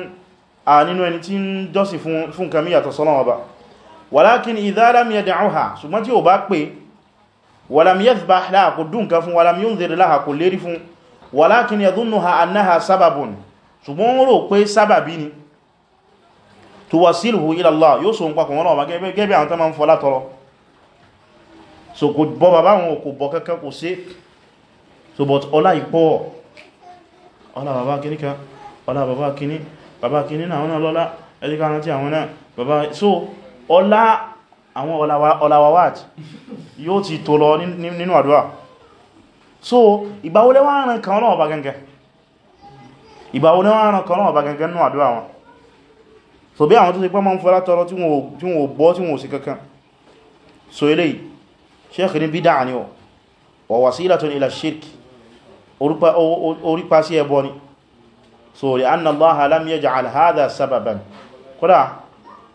a nínú ẹni tí ń jọ́sì fún nǹkan mìí yàtọ̀ sọ́lọ́wọ́ ba walakin idha lam yad'uha ṣùgbọ́n tí ò bá pè walam yadhbah laha kò dùn kan fún walam yunzir tuwasilhu ila Allah yóò so n papọ̀ wọn ọba gẹ́gẹ́ bí àwọn tó ma ń fọlá tọrọ so kò bọ́ bàbá wọn kò bọ́ kẹ́kẹ́ kò sí so but ọlá ìpọ̀ ọlá bàbá kìní kan ọlá bàbá kìní bàbá kìní náà wọn lọ́lá ẹlẹ́kà rántí àwọn náà bàbá so ọlá àwọn ọlàwàwàt yóò ti so bí àwọn tó ṣe pé ma ń fara tọrọ tí wọ́n bọ́ tí wọ́n sì kankan so eléyìí sheikh ní bídá ni ọ wa wasilatun ila shirk orípa sí ẹbọ ni so li anna Allaha lam yaj'al hadha sababan kódà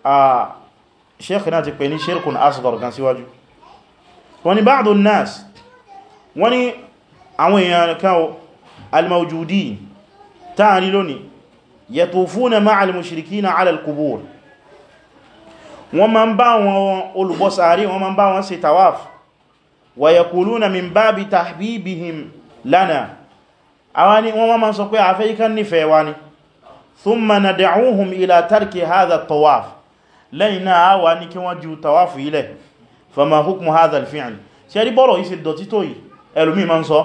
a sheikh náà ti pè ní shirkun asghar gan síwájú wọ́n ni ba'du nnas àwọn èèyàn kan al-mawjudin táàrí lónìí yatufuna ma'al mushrikina 'ala al-qubur wọ́n ma ń bá wọn olùbọ́sàárì wọ́n ma ń bá wọn ṣe tawaf wa yaquluna min babi tahbibihim lana àwọn ni wọ́n ma sọ pé àfẹ́ ikán nífẹ̀ẹ́ wa ni thumma nad'uhum ila tarki hadha at-tawaf lẹ́yìn náà wà ní kí wọ́n ju tawaf ilẹ̀ fama hukmu hadha al ṣe rí bọ́rọ̀ yìí dọ̀tí tó yìí ẹlòmí ma ń sọ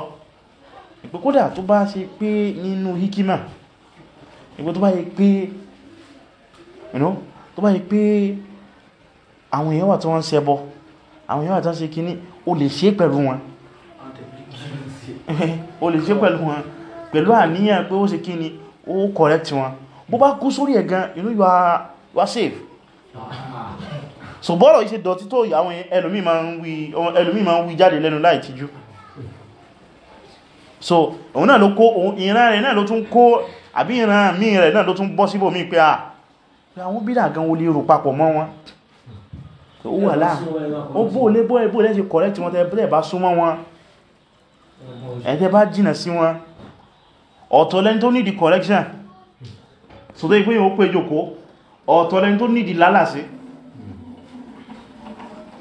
ìpẹ́kódà tó bá ṣe pé nínú hikima ìgbẹ́ tó bá yí pé tó bá yí pé àwọn èèyàn wà tí wọ́n ń ṣẹbọ àwọn èèyàn wà tí wọ́n ṣe kíní o lè ṣe pẹ̀lú wọn *laughs* o lè ṣe pẹ̀lú wọn pẹ̀lú àníyàn pé ó ṣe kíní ó correct wọn bó bá kú sórí ẹ̀ inú you are safe so bọ́rọ̀ yìí ṣe dọ̀tí àwọn so òun náà ló kó ìran rẹ̀ náà ló tún kó àbí ìran míì rẹ̀ náà ló tún bọ́ síbò míì ah, pé àwọn bídà gan o lè rò papọ̀ mọ́ wọn ó wà láà ó bó lé bó ẹbó lẹ́sí correct wọn tẹ́ bá súnmọ́ wọn ẹ̀tẹ́ bá jìnà sí wọn ọ̀tọ̀ lẹ́ni tó nídi correction so tó ipé yíò pé jòkó ọ̀tọ̀ lẹ́ni tó nídi lálàsí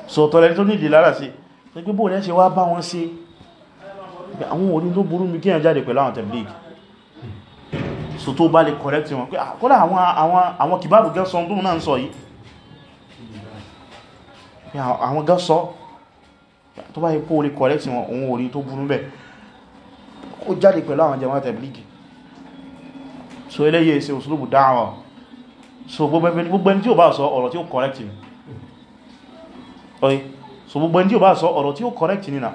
so ọ̀tọ̀ lẹ́ni tó nídi lálàsí tó ipé bó lẹ́sí wá bá wọn sí àwọn orí tó burú mi kíyàn jáde pẹ̀lú àwọn tẹ̀blíkì so tó bá lè correct wọn ah, kọ́lá àwọn kìbáàbù gẹ́ sọ tó náà ń sọ yìí àwọn gẹ́ sọ tó bá ipò lè correct wọn òun orí tó burú bẹ́ ó jáde pẹ̀lú àwọn jama'a tablighi so eléyè ṣe uslubu da'wa so gbogbo ẹni tí ó bá sọ ọ̀rọ̀ tí ó correct ni oye so gbogbo ẹni tí ó bá sọ ọ̀rọ̀ tí ó correct ni na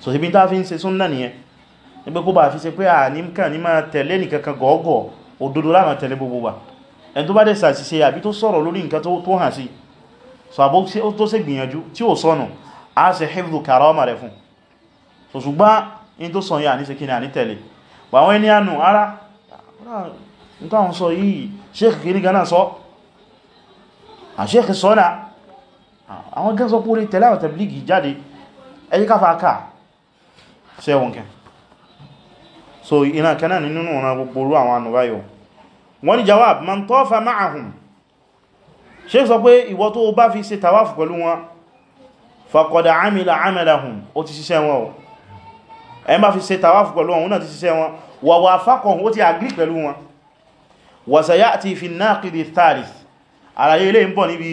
so ibi tá fi ń ṣe súnnà nìyẹn nígbé kó bá fi ṣe pé àní kàn ní máa tẹ̀lé nìkankan gọ́ọ̀gọ́ òdodo láàrín tẹ̀lé gbogbo wa ẹni tó bá dẹ̀ ṣàṣìṣe àbí tó sọ̀rọ̀ lórí nǹkan tó hàn sí so tó ṣe gbìyànjú tí ó sọnù a ṣe hifdhu karama rẹ̀ fún so ṣùgbọ́n in tó sọ yà ní ṣe ara n táwọn sọ yìí sheikh kiri gana sọ a sheikh sọ́nà àwọn gẹ́sọ́ pórí tẹ̀lé àwọn tẹ̀blígì jáde ẹjíkáfà ká kẹ́ so iná kanáà nínú ọ̀nà gbogbo orú àwọn ànúbáyọ̀ wọ́n ní jawab man tọ́fà ma'ahum Sheikh sọ pé ìwọ tó bá fi ṣe tawaf pẹ̀lú wọn faqad amila amalahum ó ti ṣiṣẹ́ wọn o ẹ má fi ṣe tawaf pẹ̀lú wọn náà ti ṣiṣẹ́ wọn wa wafaqahum ó ti agri pẹ̀lú wọn wa sayati fi naqidi thalith àlàyé ilé ń bọ̀ níbi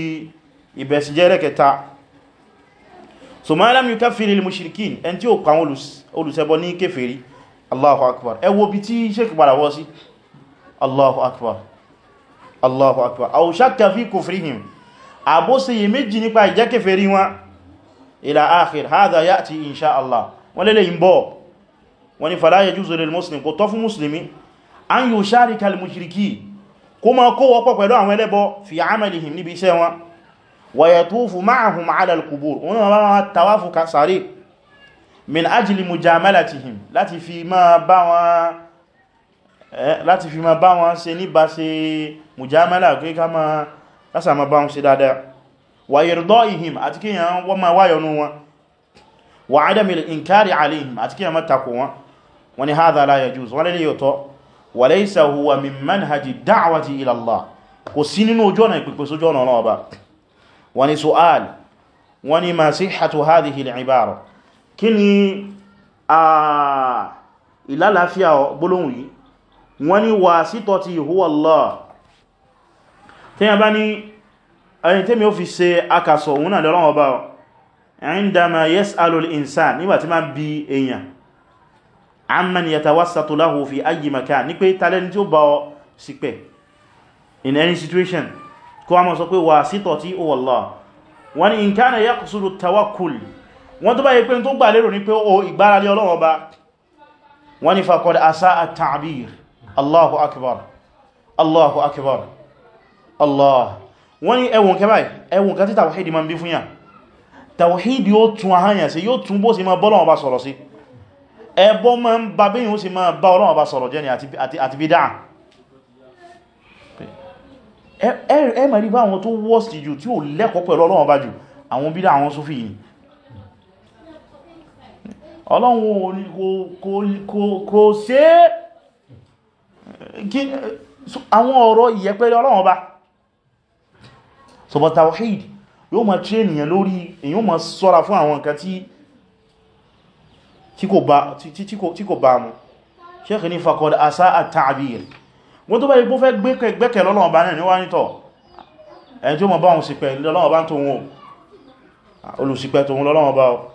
ìbẹ̀sìjẹ́rẹ́ kẹta so ma lam yukaffiril mushrikin ẹni tí ó kàwọn olùṣẹbọ ní kéfèrí Allahu akbar ẹ wo bí tí sheik padà wọ́ sí Allahu akbar Allahu akbar aw shakka fi kufrihim àbó ṣe yẹ méjì nípa ìjẹ́kẹfẹ̀rí wọn ila akhir hadha ya'ti insha Allah wọ́n lélẹ̀ yìí bọ́ wọ́n ni fala yajuzu lil muslim kò tọ́ fún muslimi an yusharika al mushriki kó ma kó wọ́pọ̀ pẹ̀lú àwọn ẹlẹ́bọ fi amalihim níbi iṣẹ́ wọn wa yatufu ma'ahum ala al qubur wọn ma tawafu kasari min ajili mujamalatihim láti fi máa bá wọn eh, láti fi máa bá wọn ṣe níbá ṣe mujamala kí ká máa lásà máa bá wọn ṣe dáadáa wa irdaihim àti kí yàn wọ́n máa wáyọnú wọn wa adamil inkari alaihim àti kí yàn máa takò wọn wọ́n ní hadha la yajuz wọ́n lè yọ̀tọ̀ wa laysa huwa min manhaji da'wati ila Allah kò sí nínú ojú ọ̀nà ìpìpẹ̀ sójú ọ̀nà ọ̀nà ọba wọ́n ní su'al wọ́n ní ma sihhatu hadhihi al-ibara kí ni ìlàláfíà gbólóhùn yìí wọ́n ni wà sítọ̀ ti huwa Allah tí a bá ní ẹni tí mi ó fi ṣe akàsọ̀ òun náà lọ́rọ̀ ọba indama yas'alu al-insan nígbàtí ma ń bi èèyàn amman yatawassatu lahu fi ayyi makan ní pé talẹ́ni tí ó bá ọ sípẹ̀ in any situation kó a mọ̀ sọ pé wà sítọ̀ ti huwa Allah wọ́n in kana yaqsudu tawakkul wọ́n tó bá yẹ pé tó gbà lérò ní pé o ìgbáralé Ọlọ́run Ọba wọ́n ní faqad asa'a at-ta'bir Allahu akbar Allahu akbar Allah wọ́n ní ẹwùn kẹ báyìí ẹwùn kẹ tí tàwàhídì ma ń bí fún yà tàwàhídì ó tún àhányà sí yóò tún bó sí ma bọ́lọ́wọ́ bá sọ̀rọ̀ sí ẹbọ ma ń ba bíyìn ó sì ma bá Ọlọ́run bá sọ̀rọ̀ jẹ́ ni àti bí dáa ẹ mẹ́rí bá àwọn tó wọ́s ọlọ́run kò ṣe àwọn ọ̀rọ̀ ìyẹpẹ̀rẹ̀ ọlọ́run bá sọ̀bọ̀ tawhid yóò ma ṣe ènìyàn lórí èyàn ma sọ́ra fún àwọn nǹkan tí kò bá mú ṣékì ní faqad asa'a ta'bir wọ́n tó bá ipò fẹ́ gbẹ́kẹ̀ lọ́lọ́run bá náà níwá nítọ̀ ẹni tí ó ma bá wọn ṣìpẹ̀ lọ́lọ́run bá tó wọn olùṣìpẹ̀ tó wọn lọ́lọ́run bá wọn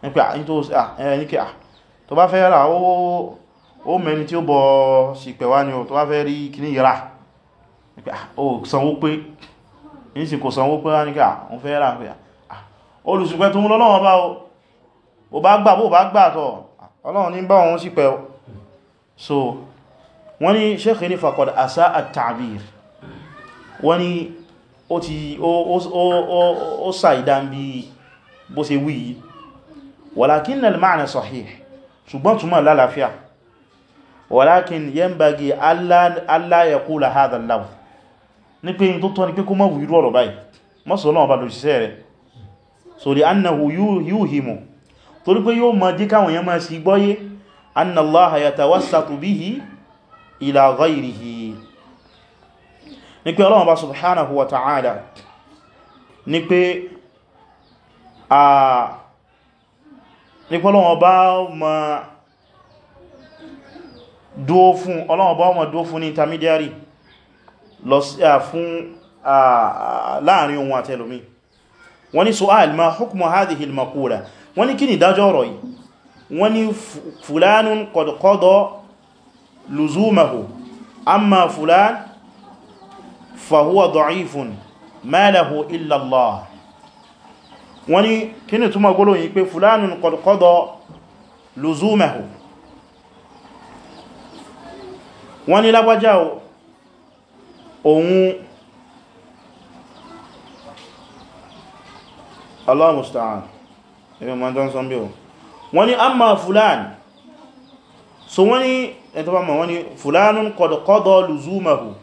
nípa ah, ah, ah, tó bá fẹ́ rà ó mẹ́ni tí ó bọ̀ sípẹ̀ wá ní o tó bá fẹ́ rí kìní yìí rà ó sanwó pé ní sí kò sanwó pé wá ní ká òun fẹ́ rà pé olùsùpẹ̀ tó mú lọ́lọ́wọ́n bá o bá gbà bó bá gbà tọ́ ọlọ́run ní bá òun sípẹ̀ so wọ́n ní Sheikh ní faqad asá at-ta'bir wọ́n ní ó ti ó sàìdá bí bó ṣe wí yìí walakin al-ma'na sahih ṣùgbọ́n túnmọ̀ lálàáfíà walakin yanbaghi alla yaqula hadha al-lafz ní pé tó tọ́ ni pé kó mọ́ wùírú ọ̀rọ̀ báyìí mọ́sọ̀lọ́wọ́ bá lòṣìṣẹ́ rẹ̀ so di annahu yuhimu torí pé yóò mọ̀ dí káwọn yẹn máa sì gbọ́yé anna Allaha yatawassatu bihi ila ghayrihi ní pé Ọlọ́run bá subhanahu wa ta'ala ní pé a nípa Ọlọ́hun Ọba ma dúó fún Ọlọ́hun Ọba ma dúó fún ní intermediary lọ fún láàrin ohun àtẹlòmí wọ́n ní su'al ma hukmu hadhihi al-maqula wọ́n ní kí ni dájọ́ ọ̀rọ̀ yìí wọ́n ní fulanun qad qada luzumahu amma fulan fahuwa da'ifun ma lahu wọ́n ní kí ni túnmọ̀ gbólóhùn yìí pé fulanun qad qada luzumahu wọ́n ní lágbájá ohun Allah musta'an ibi ma don son biyo wọ́n ní amma fulan so wọ́n ní ẹ̀tọ́ bá ma wọ́n ní fulanun qad qada luzumahu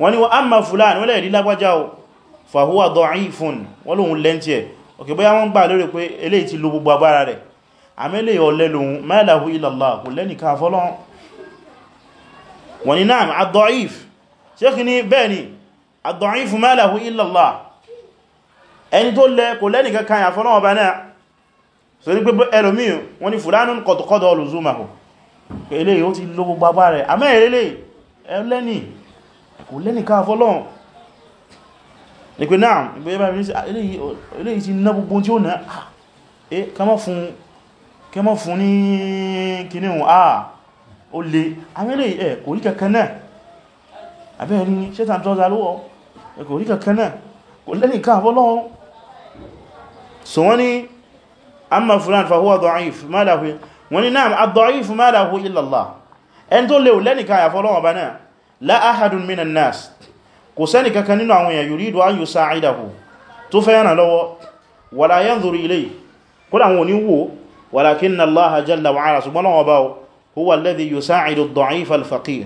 wọ́n ní wa amma wọ́n lè rí lágbájá ohun fàhúwà da'ifun wọ́n lóhun lẹ́ntí ẹ̀ ok bóyá wọ́n gbà lórí pé eléyìí ti lo gbogbo agbára rẹ̀ àmẹ́lẹ̀ ọ̀lẹ́ lóhun ma lahu illa Allah kò lẹ́nìká fọ́lọ́n wọ́n ni náà ad-da'if ṣékì ní bẹ́ẹ̀ ni ad-da'if ma lahu illa Allah ní pé náà ìgbé bá mínísí eléyìí ti ná gbogbo tí ó náà e kẹmọ́ fún ní kìíní ohun àà ó lè amílẹ̀ ẹ̀ kò rí kankan náà abẹ́ẹ̀ ní ṣẹ́tàn tọ́za lówọ́ ẹ̀ eh, kò rí kankan náà kò lẹ́nì káàfọ́lọ́wọ́ so wọ́n ni amma fulan fa huwa da'if ma lahu wọ́n ni kò sẹ́ni kankan nínú àwọn èèyàn yuridu an yusa'idahu tó fẹ́ ràn lọ́wọ́ wala yanzuru ilayhi kódà wọn ò ní wò walakinna Allaha jalla wa ala subhanahu wa ta'ala huwa alladhi yusa'idu ad-da'ifa al-faqir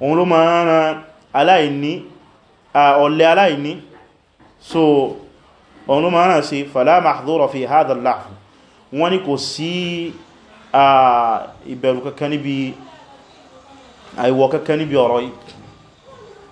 òun ló máa ràn aláìní kankan níbi ọ̀rọ̀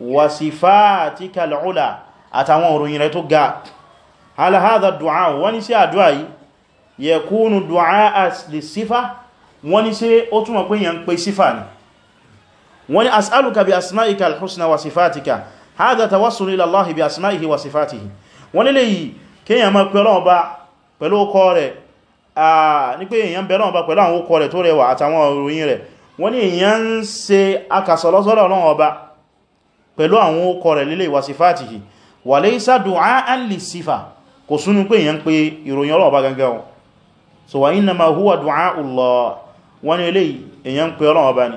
wàsífàtíkà al'ula àtàwọn òròyìn rẹ̀ tó ga alhada du'a wọ́n ní sí àdúwà yìí yẹ kúnù du'a lè sífà wọ́n ní sí ó túnmọ̀ pé yẹn ń pè sífà ni wọ́n ní as'aluka bi asma'ika al-husna wa sifatika hada tawassul ila Allah bi asma'ihi wa sifatihi wọ́n ní léyìí kéèyàn máa pẹ̀lọ́ ọba pẹ̀lú ọkọ pẹ̀lú àwọn okọ̀ rẹ̀ lílé ìwà sífàtìhì wà lè sádù án lè sífà kò súnú pé èyàn pé ìròyìn Ọlọ́run bá gangan wọn so wà iná ma húwà du'a'ullah wọ́n ni ilé èyàn pé Ọlọ́run bá ní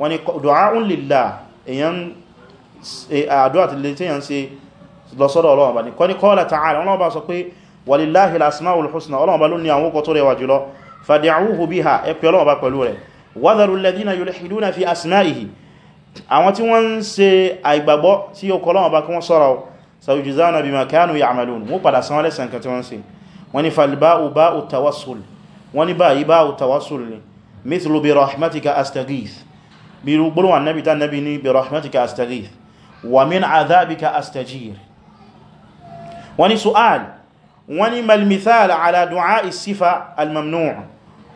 wọ́n ni du'a'un lillah èyàn àdúrà ti lè tẹ́yàn ṣe lọ́sọ́dọ̀ Ọlọ́run bá ní kọ́ ni qala ta'ala Ọlọ́run bá sọ pé walillahil asma'ul husna Ọlọ́run bá ló ní àwọn okọ̀ tó rẹwà jùlọ fad'uhu biha ẹ pé Ọlọ́run pẹ̀lú rẹ̀ wadharu alladhina yulhiduna fi asma'ihi àwọn tí wọ́n ń ṣe àìgbàgbọ́ sí ọkọ̀ Ọlọ́run bá kí wọ́n sọ́ra sayujizana bima kanu ya'malun wọ́n padà san lẹ́san kan tí wọ́n ṣe wọ́n ni falba'u ba'u tawassul wọ́n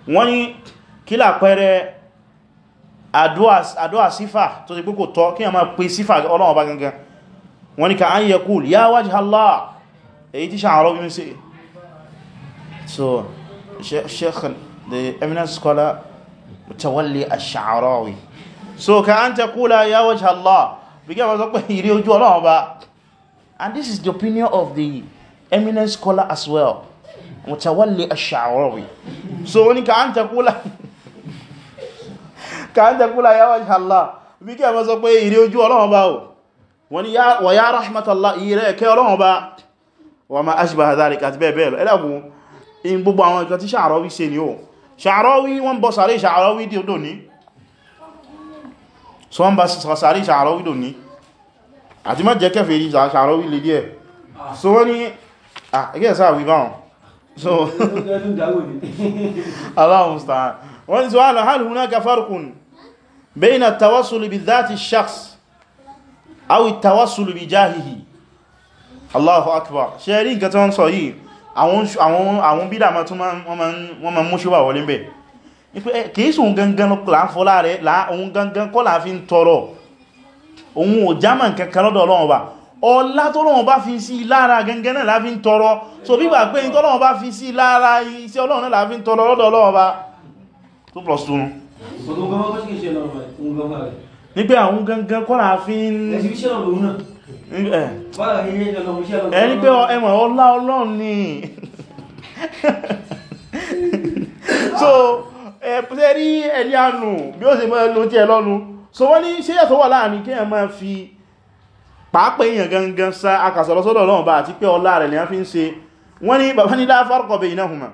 ni kila pere àdúwà sífà tó ti pé kò tọ́ kí a máa pè sífà ọlọ́wọ́ bá gangan wọ́n ni ka an yẹ kúl ya wajh Allah èyí tí Sha'arawi bí sí so sheikh the eminent scholar Mutawalli Ash-Sha'arawi so ka an ta kúla ya wajh Allah bí kí a pé ìrí ojú ọlọ́wọ́ bá and this is the opinion of the eminent scholar as well Mutawalli Ash-Sha'arawi so wọ́n ni ka an ta kúla kàántẹ̀kúlá yá wájú Allah bí kí a mọ́ sọ pé ìrí ojú ọlọ́run bá o wọ́n ni wà yá rahmatallah ìrẹ́ ẹ̀kẹ́ ọlọ́run bá wà máa ashbaha dhalika àti bẹ́ẹ̀ bẹ́ẹ̀ lọ ẹlẹ́gùn in gbogbo àwọn ìkan tí Sha'rawi ṣe ni o Sha'rawi wọ́n bọ́ sàárè Sha'rawi dò ní so wọ́n bá sàárè Sha'rawi dò ní *laughs* wọ́n ni ah wọ́n ni so hal hunaka بين التواصل بالذات الشخص أو التواصل بجاهه الله أكبر شارين كتان صحيح àwọn bídà ma tún wọ́n ma mú ṣíwà wọlé bẹ̀ kìí sùn gangan láà fọ́lá rẹ̀ òun gangan kọ́ láà fi ń tọrọ òun ò jámà kankan lọ́dọ̀ Ọlọ́run Ọba ọlá tọ́lọ́run bá fi sí lára gangan náà láà fi ń tọrọ so bí gbà pé tọ́lọ́run bá fi sí lára iṣẹ́ Ọlọ́run náà láà fi ń tọrọ lọ́dọ̀ Ọlọ́run Ọba 2 plus 2 Eh. ní pé àwọn gangan kọ́lá fi ń ẹni pé ẹmọ̀ ọlá ọlọ́run ni so ẹ̀pẹ́ rí ẹ̀rí ànù bí ó ṣe mọ́ ló tí ẹ lọ́nu so wọ́n ní ṣe yàtọ̀ wà láàrin kí ẹ máa fi pàápẹ̀ èèyàn gangan sa akàsọ̀lọ́sọ́dọ̀ lọ́wọ́ bá àti pé ọlá rẹ̀ ni a fi ń ṣe wọ́n ní bàbá ní la farqa baynahuma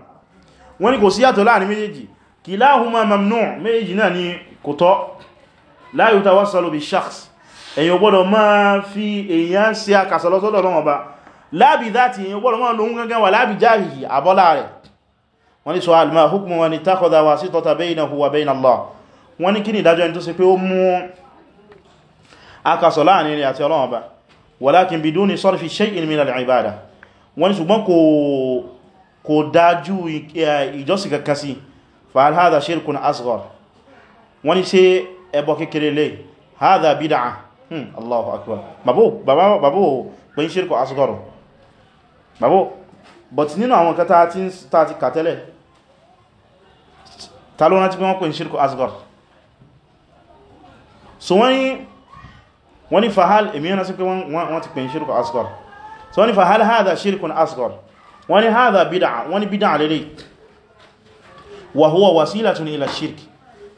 wọ́n ní kò sí yàtọ̀ láàrin méjèèjì kìláhùmá mamnu' méjì náà ni kò tọ́ la yutawassalu bi shakhs èyàn gbọ́dọ̀ máa fi èyàn sí akàsọ̀lọ́sọ́dọ̀ lọ́wọ́ bá láàbí dáti èyàn gbọ́dọ̀ máa lóhun gangan wà láàbí jáhì àbọ́lá rẹ̀ wọ́n ni sọ alìmá hukmu wọn ni takhadha wasitata baynahu wa bayna Allah wọ́n ni kí ni ìdájọ́ tó sì pé ó mú akàsọ̀ láàrin rẹ̀ àti Ọlọ́run Ọba walakin biduni sarfi shay'in min al-ibada wọ́n ni ṣùgbọ́n kò dájú ìjọsìn kankan sí fa'al hadha shirkun asghar wọ́n ní ṣe ẹbọ kékeré lè hadha bid'a hmm allahu akbar bàbá pín shirku asghar bàbá but nínú àwọn kata tí tàti kàtẹ́lẹ̀ ta ló rántí pé wọ́n pín shirku asghar so wọ́n ní fa'al èmi yana sí pé wọ́n ti pín shirku asghar so wọ́n wa huwa wasilatun ila shirk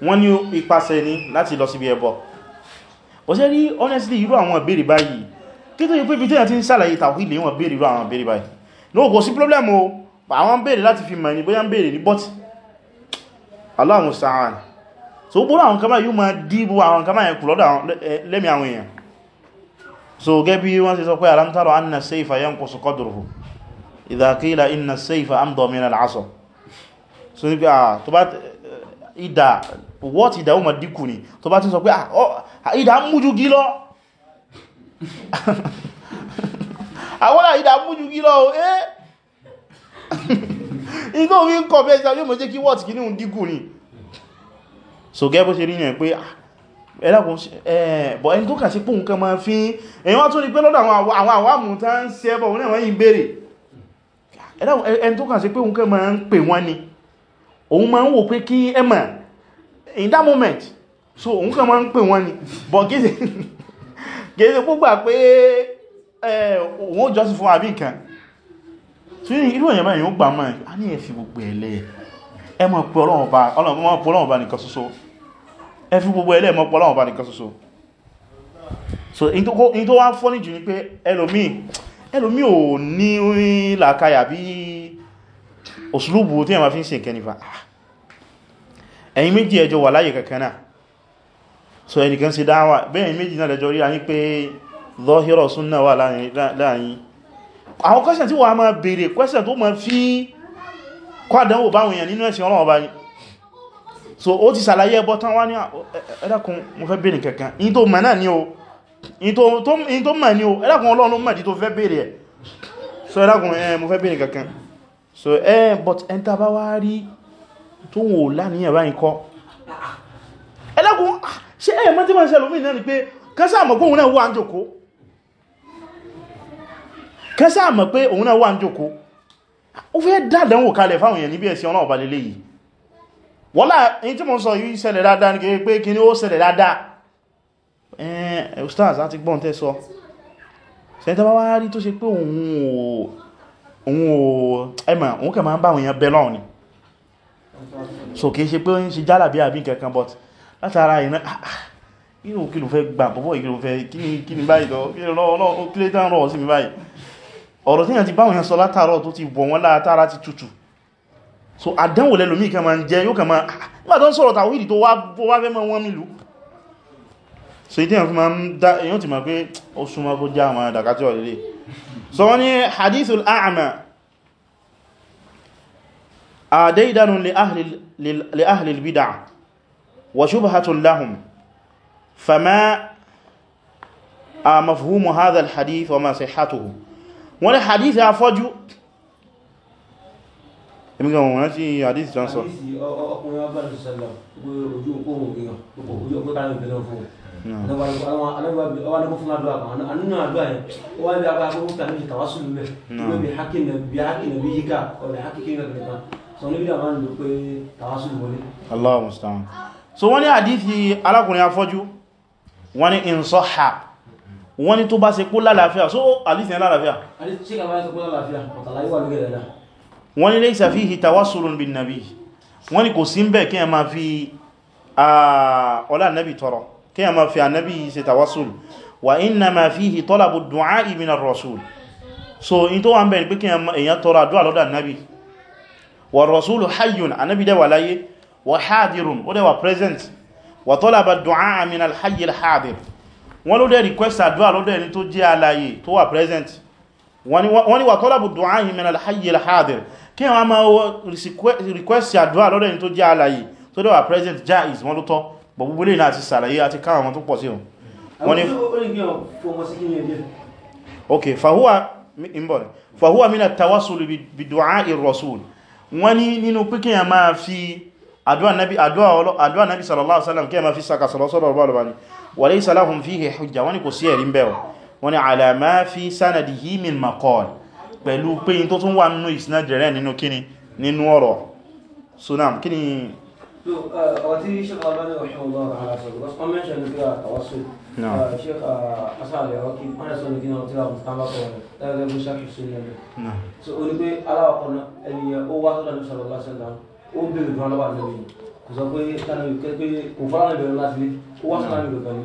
wọ́n ní ipasẹ̀ ní láti lọ síbi ẹbọ ó ṣe rí honestly irú àwọn ìbéèrè báyìí kí tó yí pé bíjẹ́ àti ń sàlàyé tàwí ilé wọn béèrè irú àwọn ìbéèrè báyìí ló kò sí problem o àwọn béèrè láti fi mọ̀ ní bóyá ń ní bọ́t Allahu musta'an so gbọ́nà àwọn kama yíò máa dìbò àwọn kama yẹn kùlọ́dọ̀ so gẹ́ bí wọ́n ti sọ pé alam tara anna as-sayfa yanqusu qadruhu idha qila so ní pé ah tó bá eh, ìdà what ida ó ma díkù ni tó bá ti sọ pé ah ida ń mújú gí lọ *laughs* àwọ́lá ìdà ń mújú gí lọ eh inú *laughs* orí ń kọ̀ bẹ́ẹ̀ yóò mọ̀ jẹ́ kí what kìíní ń díkù ni so gẹ́ bó ṣe rí yẹn pé ẹlẹ́kùn ẹ̀bọ̀ ẹni tó kà sí pòun kan ma fi èyàn wá tó ní pé lọ́dọ̀ àwọn àwàmù tán ń ṣẹbọ̀ wọn náà wọ́n yìí bèèrè ẹni tó kà sí pòun kan ma ń pè wọ́n ni òun ma ń wò pé kí ẹ mọ̀ in that moment so òun kàn ma ń pè wọ́n ni but gẹ́ẹ̀sẹ̀ púpà pé òun ó jọ́sí fún àbí nǹkan tí irú èyàn báyìí ó gbà mọ́ a ní ẹ̀fì gbogbo ẹ̀lẹ́ ẹ mọ̀ pé Ọlọ́run Ọba nìkan ṣoṣo ẹ fi gbogbo ẹ̀lẹ́ mọ̀ pé Ọlọ́run Ọba nìkan ṣoṣo so in tó wá fọ́nìjù ni pé ẹlòmí ẹlòmí ò ní orin làkàyà bíi òsùlùbù tí a ma fi ń ṣe nǹkan nífà ah. ẹ̀yin méjì ẹjọ wà láyé kankan so ẹnìkan ṣe dáwà bẹ́ẹ̀ méjì náà lẹjọ rí ayín pé zọ́hírọ̀ súnnà wà láàrin àwọn kọ́sẹ̀ tí wà máa bèèrè kọ́sẹ̀ tó máa fi kwádánwò báwọn èèyàn nínú ẹ̀sìn ọlọ́wọ́ báyìí so ó ti sàlàyé ẹbọ tán wá ní ah, ẹ̀dàkùn mo fẹ́ bèèrè kankan in tó mọ̀ náà ní o in tó mọ̀ ní o ẹ̀dàkùn ọlọ́run mọ̀ dí tó fẹ́ bèèrè ẹ̀ so ẹ̀dàkùn mo fẹ́ bèèrè kankan so eh but en ta bá wá rí tó wọ́n láníyàn báyìí kọ́ ẹlẹ́kùn ah, ṣe ẹ̀ mọ́ tí ma ń ṣe lómìn náà ni pé kẹsà mọ̀ pé òun náà wà ń jòkó kẹsà mọ̀ o òun náà wà ń jòkó ó fẹ́ dádánwò kalẹ̀ fáwọn èèyàn níbi ẹ̀sìn ọ̀nà ọ̀bàlélé yìí wọ́lá èyí tí mo sọ yìí ṣẹlẹ̀ dáadáa ní pé kí ni ó ṣẹlẹ̀ dáadáa ẹ̀ẹ́ eh, ustaz àti gbọ́n tẹ́ sọ sẹ́ntẹ́ bá wá rí tó ṣe pé òun òun o ẹmọ̀ òun kẹ ma ń bá àwọn èèyàn bẹ́lọ́ ni so kìí ṣe pé ń ṣe jálàbí àbí kankan but látara ìran ah, ah, inú kí ló fẹ́ gbà púpọ̀ kí ló fẹ́ kí ni báyìí lọ kí lọ́wọ́ kí lé tán rọ̀ sí mi báyìí ọ̀rọ̀ tí yàn ti báwọn èèyàn sọ látàárọ̀ tó ti wọ̀ wọ́n látara ti tutù so àdánwò lẹ́lòmí kan ma ń jẹ yóò kan ma ah, nígbà tó ń sọ̀rọ̀ tàwídì tó wá fẹ́ mọ́ wọn mílùú so ìdí èèyàn ti ma ń dá èèyàn ti ma pé ó súnmọ́ kó já àwọn àdàkátí ọ̀lẹ́lẹ́ so wọ́n ní hadithul a'ma a daidanu li ahlil bid'a wa shubhatun lahum fama a mafhumu hadha al-hadith wa ma hatuhu wọ́n ní hadith ya fọ́jú èmi gan wọ́n sí hadith transfer ala ko fana do a kan ani n'a do a ye wa bi a ko a ko fila ni tawasulu bɛ n'o bɛ hakɛ na bi hakɛ na bi yika o bɛ hakɛ kɛ ka kɛ ban sɔni bi a ma nin ko tawasulu wale. alahu mustaan so wọ́n ní hadithi alákùnrin afọ́jú wọ́n ní in sahha wọ́n ní tó bá ṣe kó lálàáfíà so hadithi ní lálàáfíà wọ́n ní laysa fihi tawassulun bin nabi wọ́n ní kò sí ń bẹ̀ kí ẹ ma fi ah, ọlá nabi tọrọ kí a ma fi ànábì ṣe tawassul wa inna ma fihi talabu du'a min rasul so in tó wà ń bẹ̀ ní pé kí èyàn tọrọ àdúwà lọ́dọ̀ ànábì wa ar-rasulu hayyun ànábì dẹ̀wà láyé wa hadirun ó dẹ̀wà present wa talaba du'a min al-hayy al-hadir wọ́n ló dẹ̀ request àdúwà lọ́dọ̀ ẹni tó jẹ́ aláyé tó wà present wọ́n ni wa talabu du'a min al-hayy al-hadir kí wọ́n ma request lọ́dọ̀ ẹni tó jẹ́ aláyé tó dẹ̀wà present jaiz wọ́n ló tọ́ bọ̀ gbogbo lè náà ti sàlàyé àti káwọn àwọn tó pọ̀ sí ohun wọ́n ni ok fahuwa imbole fahuwa mina tawasul bi du'a ir-rasul wọ́n ni nínú pínkín ya máa fi àdúwà nabi sallallahu alaihi wasallam kí ma fi saka sọ̀rọ̀sọ̀rọ̀ ọ̀rọ̀ ọ̀rọ̀ ni wa laysa lahum fihi hujja wọ́n ni kò sí ẹ̀rí ń bẹ̀rọ wọ́n ni ala ma fi sanadihi min maqal So, وتي شيخ الألباني رحمه الله تعالى بس ما منشن فيها توصل شيخ أسعد العراقي أنا سألنا كنا وتلا مستعمل هذا مشاكل السنة نعم So, ولكن على قلنا اللي هو واحد النبي صلى الله عليه وسلم ó ń bèrè fún alábàá lẹ́yìn kò sọ pé tani kẹ pé kò fara lè bẹ̀rẹ̀ láti lé ó wá sára lè bẹ̀rẹ̀ ní.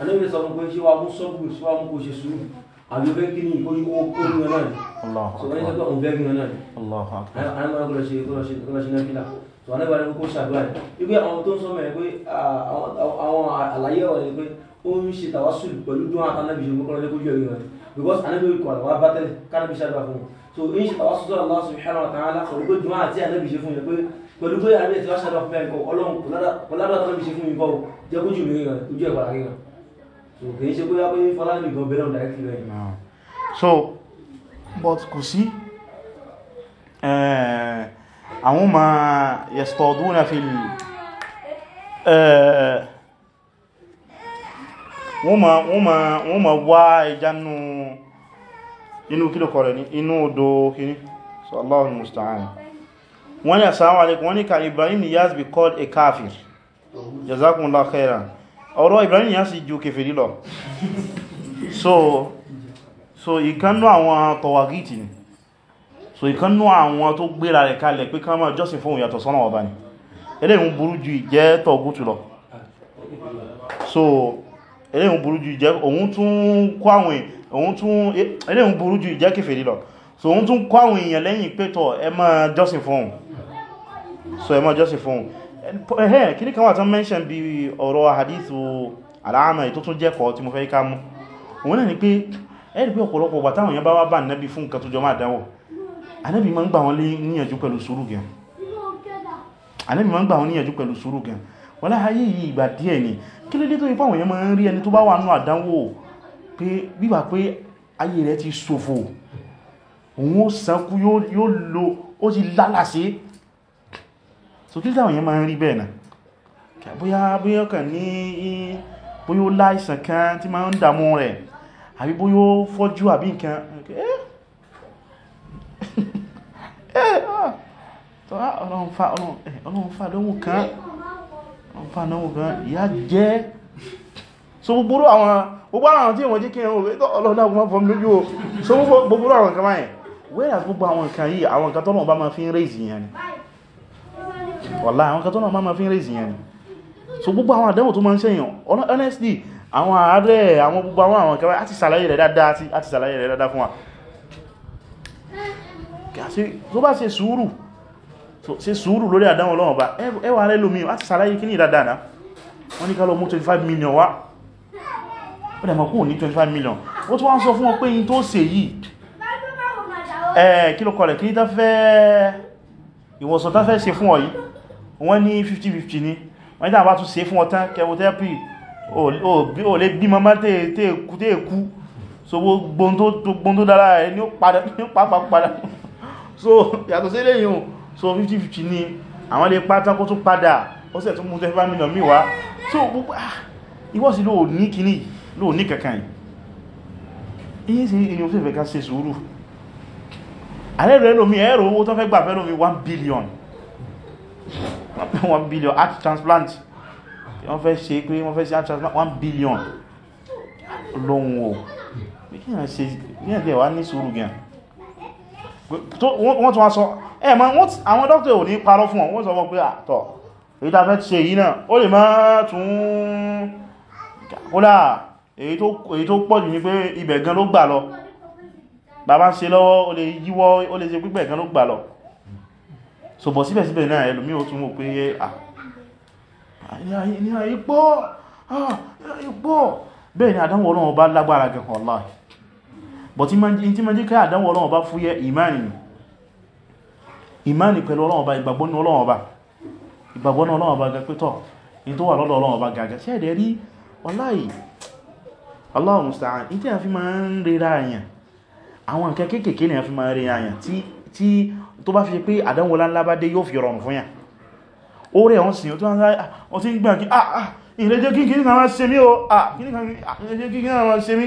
àníbi sọ fún pé ṣé wàá mú sọ́ọ̀bù ṣé wàá mú kó ṣe sùúrù àbí bẹ́ẹ̀ kí ni ìkóyí ó kó ní ọ náà. sọ wọ́n yẹ kí wọ́n bẹ́ẹ̀ kí tọ́wọ́n náà bá ní kó ṣàdúrà yìí wípé àwọn tó ń sọ mẹ́rin pé àwọn àlàyé ọ̀rọ̀ ni pé ó ń ṣe tàwásù pẹ̀lú dún àtànàbì ṣe mọ́kànlá lé kójú ẹ̀yìn rẹ̀ because ànábì orí kọ̀ àwọn abátẹ́lẹ̀ kánàbì ṣàdúrà fún wọn so ń ṣe tàwásù sọ́dọ̀ Allah subhanahu wa ta'ala pẹ̀lú pé dún àti ànábì ṣe fún yẹn pé pẹ̀lú pé ànábì ti wá ṣàdúrà fún mẹ́rin kọ ọlọ́run kò ládùn àtànàbì ṣe fún mi kọ́ jẹ́ kójú mi rìn so kì í ṣe pé abẹ́ fọlá mi gan bẹ́ẹ̀ so but kò sí àwọn ma yastaduna fil wọ́n ma wá ìjánu inú kílùkọ̀ rẹ̀ ní inú odò kìí so Allahu al-musta'an wọ́n ni assalamu alaikum wọ́n ni ka Ibrahim Niyas be called a kafir jazakumullahu khairan ọ̀rọ̀ Ibrahim Niyas ju kèfèrí lọ so so ìkannú àwọn tọwagìtì ni so ìkan nú àwọn tó gbéra rẹ̀ kalẹ̀ pé ká máa jọ́sìn fún ìyàtọ̀ sọ́nà ọba ni eléyìn burú ju ìjẹ́ tọ̀gútù lọ so eléyìn burú ju ìjẹ́ òun tún kó àwọn òun tún eléyìn burú ju ìjẹ́ kèfèrí lọ so òun tún kó àwọn èèyàn lẹ́yìn pé tọ̀ ẹ máa jọ́sìn fún òun so ẹ máa jọ́sìn fún òun ẹ̀hẹ́ kí ní kan wà tán mention bí ọ̀rọ̀ hadithu aláàmà ètò tún jẹ́ kọ́ tí mo fẹ́ ká mú òun náà ni pé ẹ̀rì pé ọ̀pọ̀lọpọ̀ gbà táwọn èèyàn bá wá bá nẹ́bí fún nǹkan tó jọ máa dánwò Ànábì ma ń gbà wọn níyànjú pẹ̀lú sùúrù gan Ànábì ma ń gbà wọn níyànjú pẹ̀lú sùúrù gan wọ́n láhayé yìí ìgbà díẹ̀ ni kí ló dé tó ipáwọn èèyàn ma ń rí ẹni tó bá wà nú àdánwò pé bíbà pé ayé rẹ̀ ti ṣòfò òun ó sankú yóò lo ó ti lálàsí so kí táwọn èèyàn ma ń rí bẹ́ẹ̀ náà bóyá bóyá kàn ní bóyá ó láìsàn kan tí ma ń dàmú rẹ̀ àbí *laughs* Eh, ah. Ah, ọlọ́run fa eh, lóhun kan ọlọ́run fa lóhun kan ìyá jẹ́ so gbogbo àwọn gbogbo àwọn tí wọ́n jí kí ẹ̀rùn rẹ̀ ọlọ́run náà gbogbo fọ́m lójú o so gbogbo àwọn nǹkan báyìí whereas gbogbo àwọn nǹkan yìí àwọn nǹkan tọ́nà bá ma fi ń rèzì yẹn ni wọ́lá àwọn nǹkan tọ́nà bá ma fi ń rèzì yẹn ni so gbogbo àwọn àdánwò tó ma ń sẹ́yàn honestly àwọn ààrẹ àwọn gbogbo àwọn àwọn nǹkan báyìí àti sàlàyé rẹ̀ dáadáa fún wa tó bá ṣe sùúrù ṣe sùúrù lórí àdánwò Ọlọ́run bá ẹwà rẹ lómi àti sàlàyé kí ní ìdádàná wọ́n ní ká lọ mú 25 million wá ó dẹ̀mọ̀ kú ní 25 million ó tó wá ń sọ fún ọ pé yí tó ṣe yìí ẹ̀ kí ló kọlẹ̀ kí ní tafẹ́ ìwọ̀sàn tafẹ́ ṣe fún ọ yìí wọ́n ní 50-50 ní wọ́n ní tàbá tún ṣe fún ọtán kẹwọ́tẹ́pì ò lè bí mọ́má tẹ́ẹ̀kú so gbogbo tó dára ẹ̀ ní ó padà so yàtọ̀ sí eléyìí o so 50-50 ni àwọn lè pátá kó tún padà ó sẹ̀ tún mú 35 million mi wá so gbogbo ah, ìwọ́sí ló ní kíní ló ní kankan yìí sí ìní o sì fẹ́ ká ṣe sùúrù àrẹ́rẹ́ lómi ẹ̀rọ owó tó fẹ́ gbà fẹ́ lómi 1 billion 1 *laughs* billion heart transplant wọ́n fẹ́ ṣe pé wọ́n fẹ́ ṣe heart transplant 1 billion lóhun o bí kí wọ́n tún wá sọ ẹ̀ ma àwọn dókítà ò ní parọ́ fún wọn wọ́n sọ wọ́n pé àtọ̀ èyí tàbí ṣe yìí náà ó lè máa tún kódà èyí tó pọ̀ jù ní pé ibẹ̀ gan ló gbà lọ bàbá ṣe lọ́wọ́ ó lè yíwọ́ ó lè ṣe pípẹ̀ gan ló gbà lọ so bọ̀ síbẹ̀síbẹ̀ náà ẹlòmí ó tún mọ̀ pé ní àyípọ̀ bẹ́ẹ̀ ni àdánwò Ọlọ́run bá lágbára gan wallahi but in tí ma jẹ́ káyà dánwò Ọlọ́run Ọba fúyẹ́ ìmáni ni ìmáni pẹ̀lú Ọlọ́run Ọba ìgbàgbọ́ ní Ọlọ́run Ọba ìgbàgbọ́ ní Ọlọ́run Ọba gẹ́pẹ́tọ̀ in tó wà lọ́dọ̀ Ọlọ́run Ọba gàgà sí ẹ̀dẹ̀ rí ọláì Allahu musta'an in tí a fi máa ń fi máa ń rera àyàn tí tó bá fi pé àdánwò láńlá bá dé kí ah, ah ah ìrẹ́jẹ́ kí kí ní kan ṣe mí o ah kí ní kan máa ṣe mí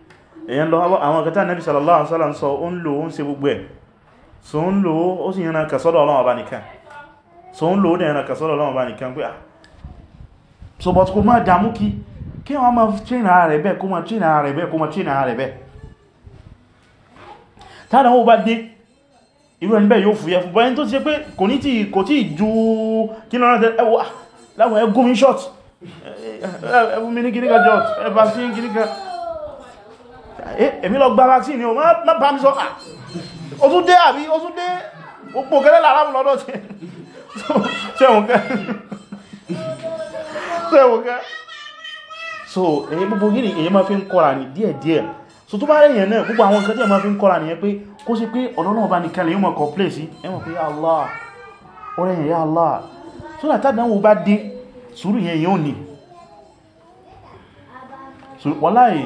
èyàn lọ àwọn kẹta nẹ́bí sallallahu alaihi wasallam sọ ó ń lò ó ń ṣe gbogbo ẹ̀ so ń lò ó sì yẹnà kàsọ́dọ̀ Ọlọ́run bá nìkan so ń lò ó dẹ̀yẹnà kàsọ́dọ̀ Ọlọ́run bá nìkan pé ah so but kò máa dàmú kí kí wọ́n máa train ara rẹ̀ bẹ́ẹ̀ kó máa train ara rẹ̀ bẹ́ẹ̀ kó máa train ara rẹ̀ bẹ́ẹ̀ tààdà wọ́n bá dé irú ẹni bẹ́ẹ̀ yóò fúyẹ́ fún báyẹn tó ti ṣe pé kò ní tí kò tí ju kí lọ́nà tẹ́ ẹwà láwọn ẹgún mi short ẹbùn mi ní gíníkà jọ́t ẹbà sí gíníkà Eh, èmi lọ gba vaccine ni o má bá mi sọ à ah, o tún dé àbí o tún dé òpó gẹ́lẹ́ láàrámù lọ́dọ̀ tí *laughs* ṣẹ́wọ̀n kẹ́ ṣẹ́wọ̀n kẹ́ so èyí gbogbo gíní èyí ma fi ń kọ́ra ní díẹ̀díẹ̀ so tó bá rẹ̀yẹ̀ náà gbogbo àwọn nǹkan tí ma fi ń kọ́ra nìyẹn pé kó sí pé ọ̀dọ́ náà bá ní kẹlẹ̀ yóò mọ̀ kọ̀ plé sí ẹmọ̀ pé Allah ọ̀rẹ́yìn ya Allah so that tàbí bá dé sùúrù yẹn yóò ní wọ́láyìí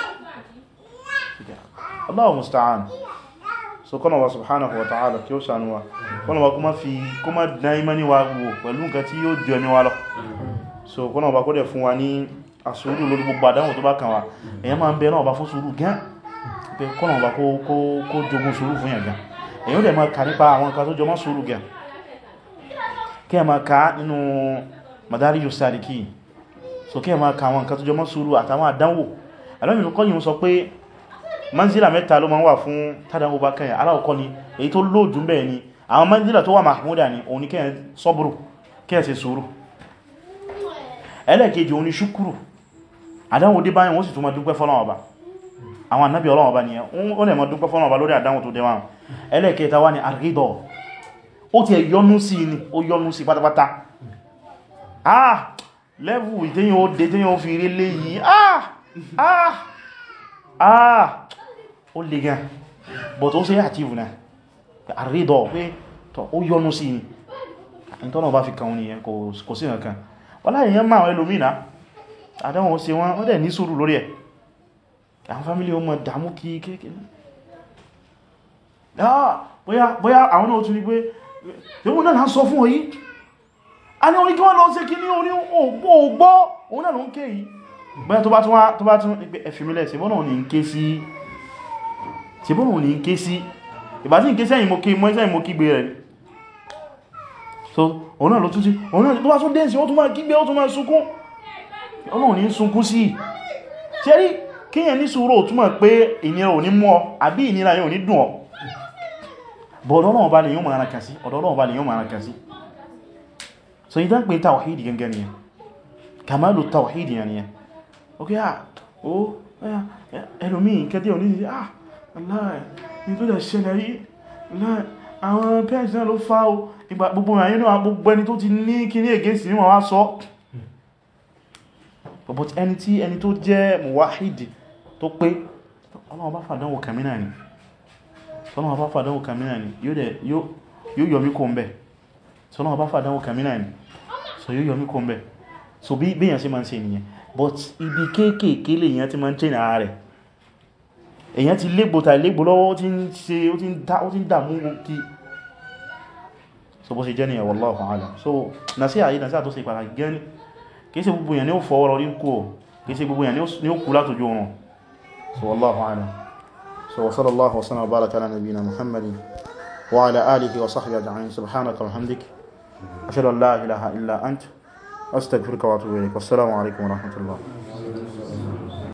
Allahu musta'an so kọ́nà wa subhanahu wa ta'ala kí ó sànú wa kọ́nà wa kuma fi kuma dán imá ní wa wo pẹ̀lú nǹkan tí yóò jọ ní wa lọ so kọ́nà wa kó dẹ̀ fún wa ní àsúrù lórí gbogbo àdánwò tó bá kàn wa èyàn máa ń bẹ náà bá fún sùúrù gan pé kọ́nà wa kó jogun sùúrù fún yàn gan èyàn dẹ̀ máa kà nípa àwọn nǹkan tó jọmọ́ sùúrù gan kí manzila mẹ́ta ló ma ń wà fún tádàwó bá kẹyàn aláwọ̀kọ́ ni èyí tó lóòjú bẹ́ẹ̀ ni àwọn manzila tó wà mahmuda ni òun ni kẹyàn sọ́bùrù kẹyàn ṣe sùúrù ẹlẹ́kejì òun ni ṣúkúrù àdánwò dé báyìí wọ́n sì tún ma dúpẹ́ fọ́lọ́wọ́ bá àwọn annabi ọlọ́wọ́ ah lẹ́bù ìtẹ́yìn ó dé tẹ́yìn ó fi ah ah ah ó lè gan but ó ṣe àtìvù náà àrídọ̀ pé tọ̀ ó yọnú sí ni ìtọ́nà bá fi kàun nìyẹn kò sí ǹkan wọ́n láyé yẹn máa ẹlòmínà àdáwọn ṣe wọ́n ó dẹ̀ ní sùúrù lórí ẹ̀ àwọn fámílì ọmọ dàmú kí kéèkéè bóyá àwọn náà tún ní pé ìwọ̀n náà sọ fún òyí a ní orí kí wọ́n lọ sí kí ní orí ògbó òun náà ló ń ké yìí bóyá tó bá tún ẹfìmílẹ̀ sí bọ́nà ní ń ké sí ṣe bóhùn ní ké sí ìbá sí ké sẹ́yìn mo mọ́ sẹ́yìn mo kígbe rẹ̀ so ọ̀nà lọ tún sí ọ̀nà tó wá tún dẹ́nsì ó tún máa kígbe ó tún máa sunkún ọlọ́run ní sunkún sí ṣe kíyàn ní sùúrù túnmọ̀ pé ìnira ò ní mú àbí ìnira yóò ní dùn ọ bọ̀ ọ̀dọ́lọ́run bá ní tó dẹ̀ ṣẹlẹ̀ yìí àwọn parents náà ló fà ó ìgbà gbogbo àyẹ́ náà gbogbo ẹni tó ti ní kí ní against ní wọ́n wá sọ but ẹni tí ẹni tó jẹ́ muwahidi tó pé ọlọ́wọ́ bá fàdánwò kàmínà ni sọ́nà ọba fàdánwò kàmínà ni yóò yọmí kò ń bẹ̀ sọ́nà ọba fàdánwò kàmínà ni so yóò yọmí kò ń bẹ̀ so bí èyàn ṣe máa ń ṣe nìyẹn but ibi kéékèèké lèyàn ti máa ń tẹ́ ní èyàn ti légbò tàì légbò lọ́wọ́ ó ti ń ṣe ó ti ń dàmú kí so bó ṣe jẹ́ nìyàn wallahu a'lam so nasiha yìí nasiha tó ṣe pàtàkì gẹ́ni kìí ṣe gbogbo èyàn ni ó fọwọ́ lọ rí kú o kìí ṣe gbogbo èyàn ni ó kú látòjú oòrùn so wallahu a'lam so wa sallallahu wa sallam wa baraka ala nabiyyina muhammadin wa ala alihi wa sahbihi ajma'in subhanaka wa hamdik ashhadu an la ilaha illa ant astaghfiruka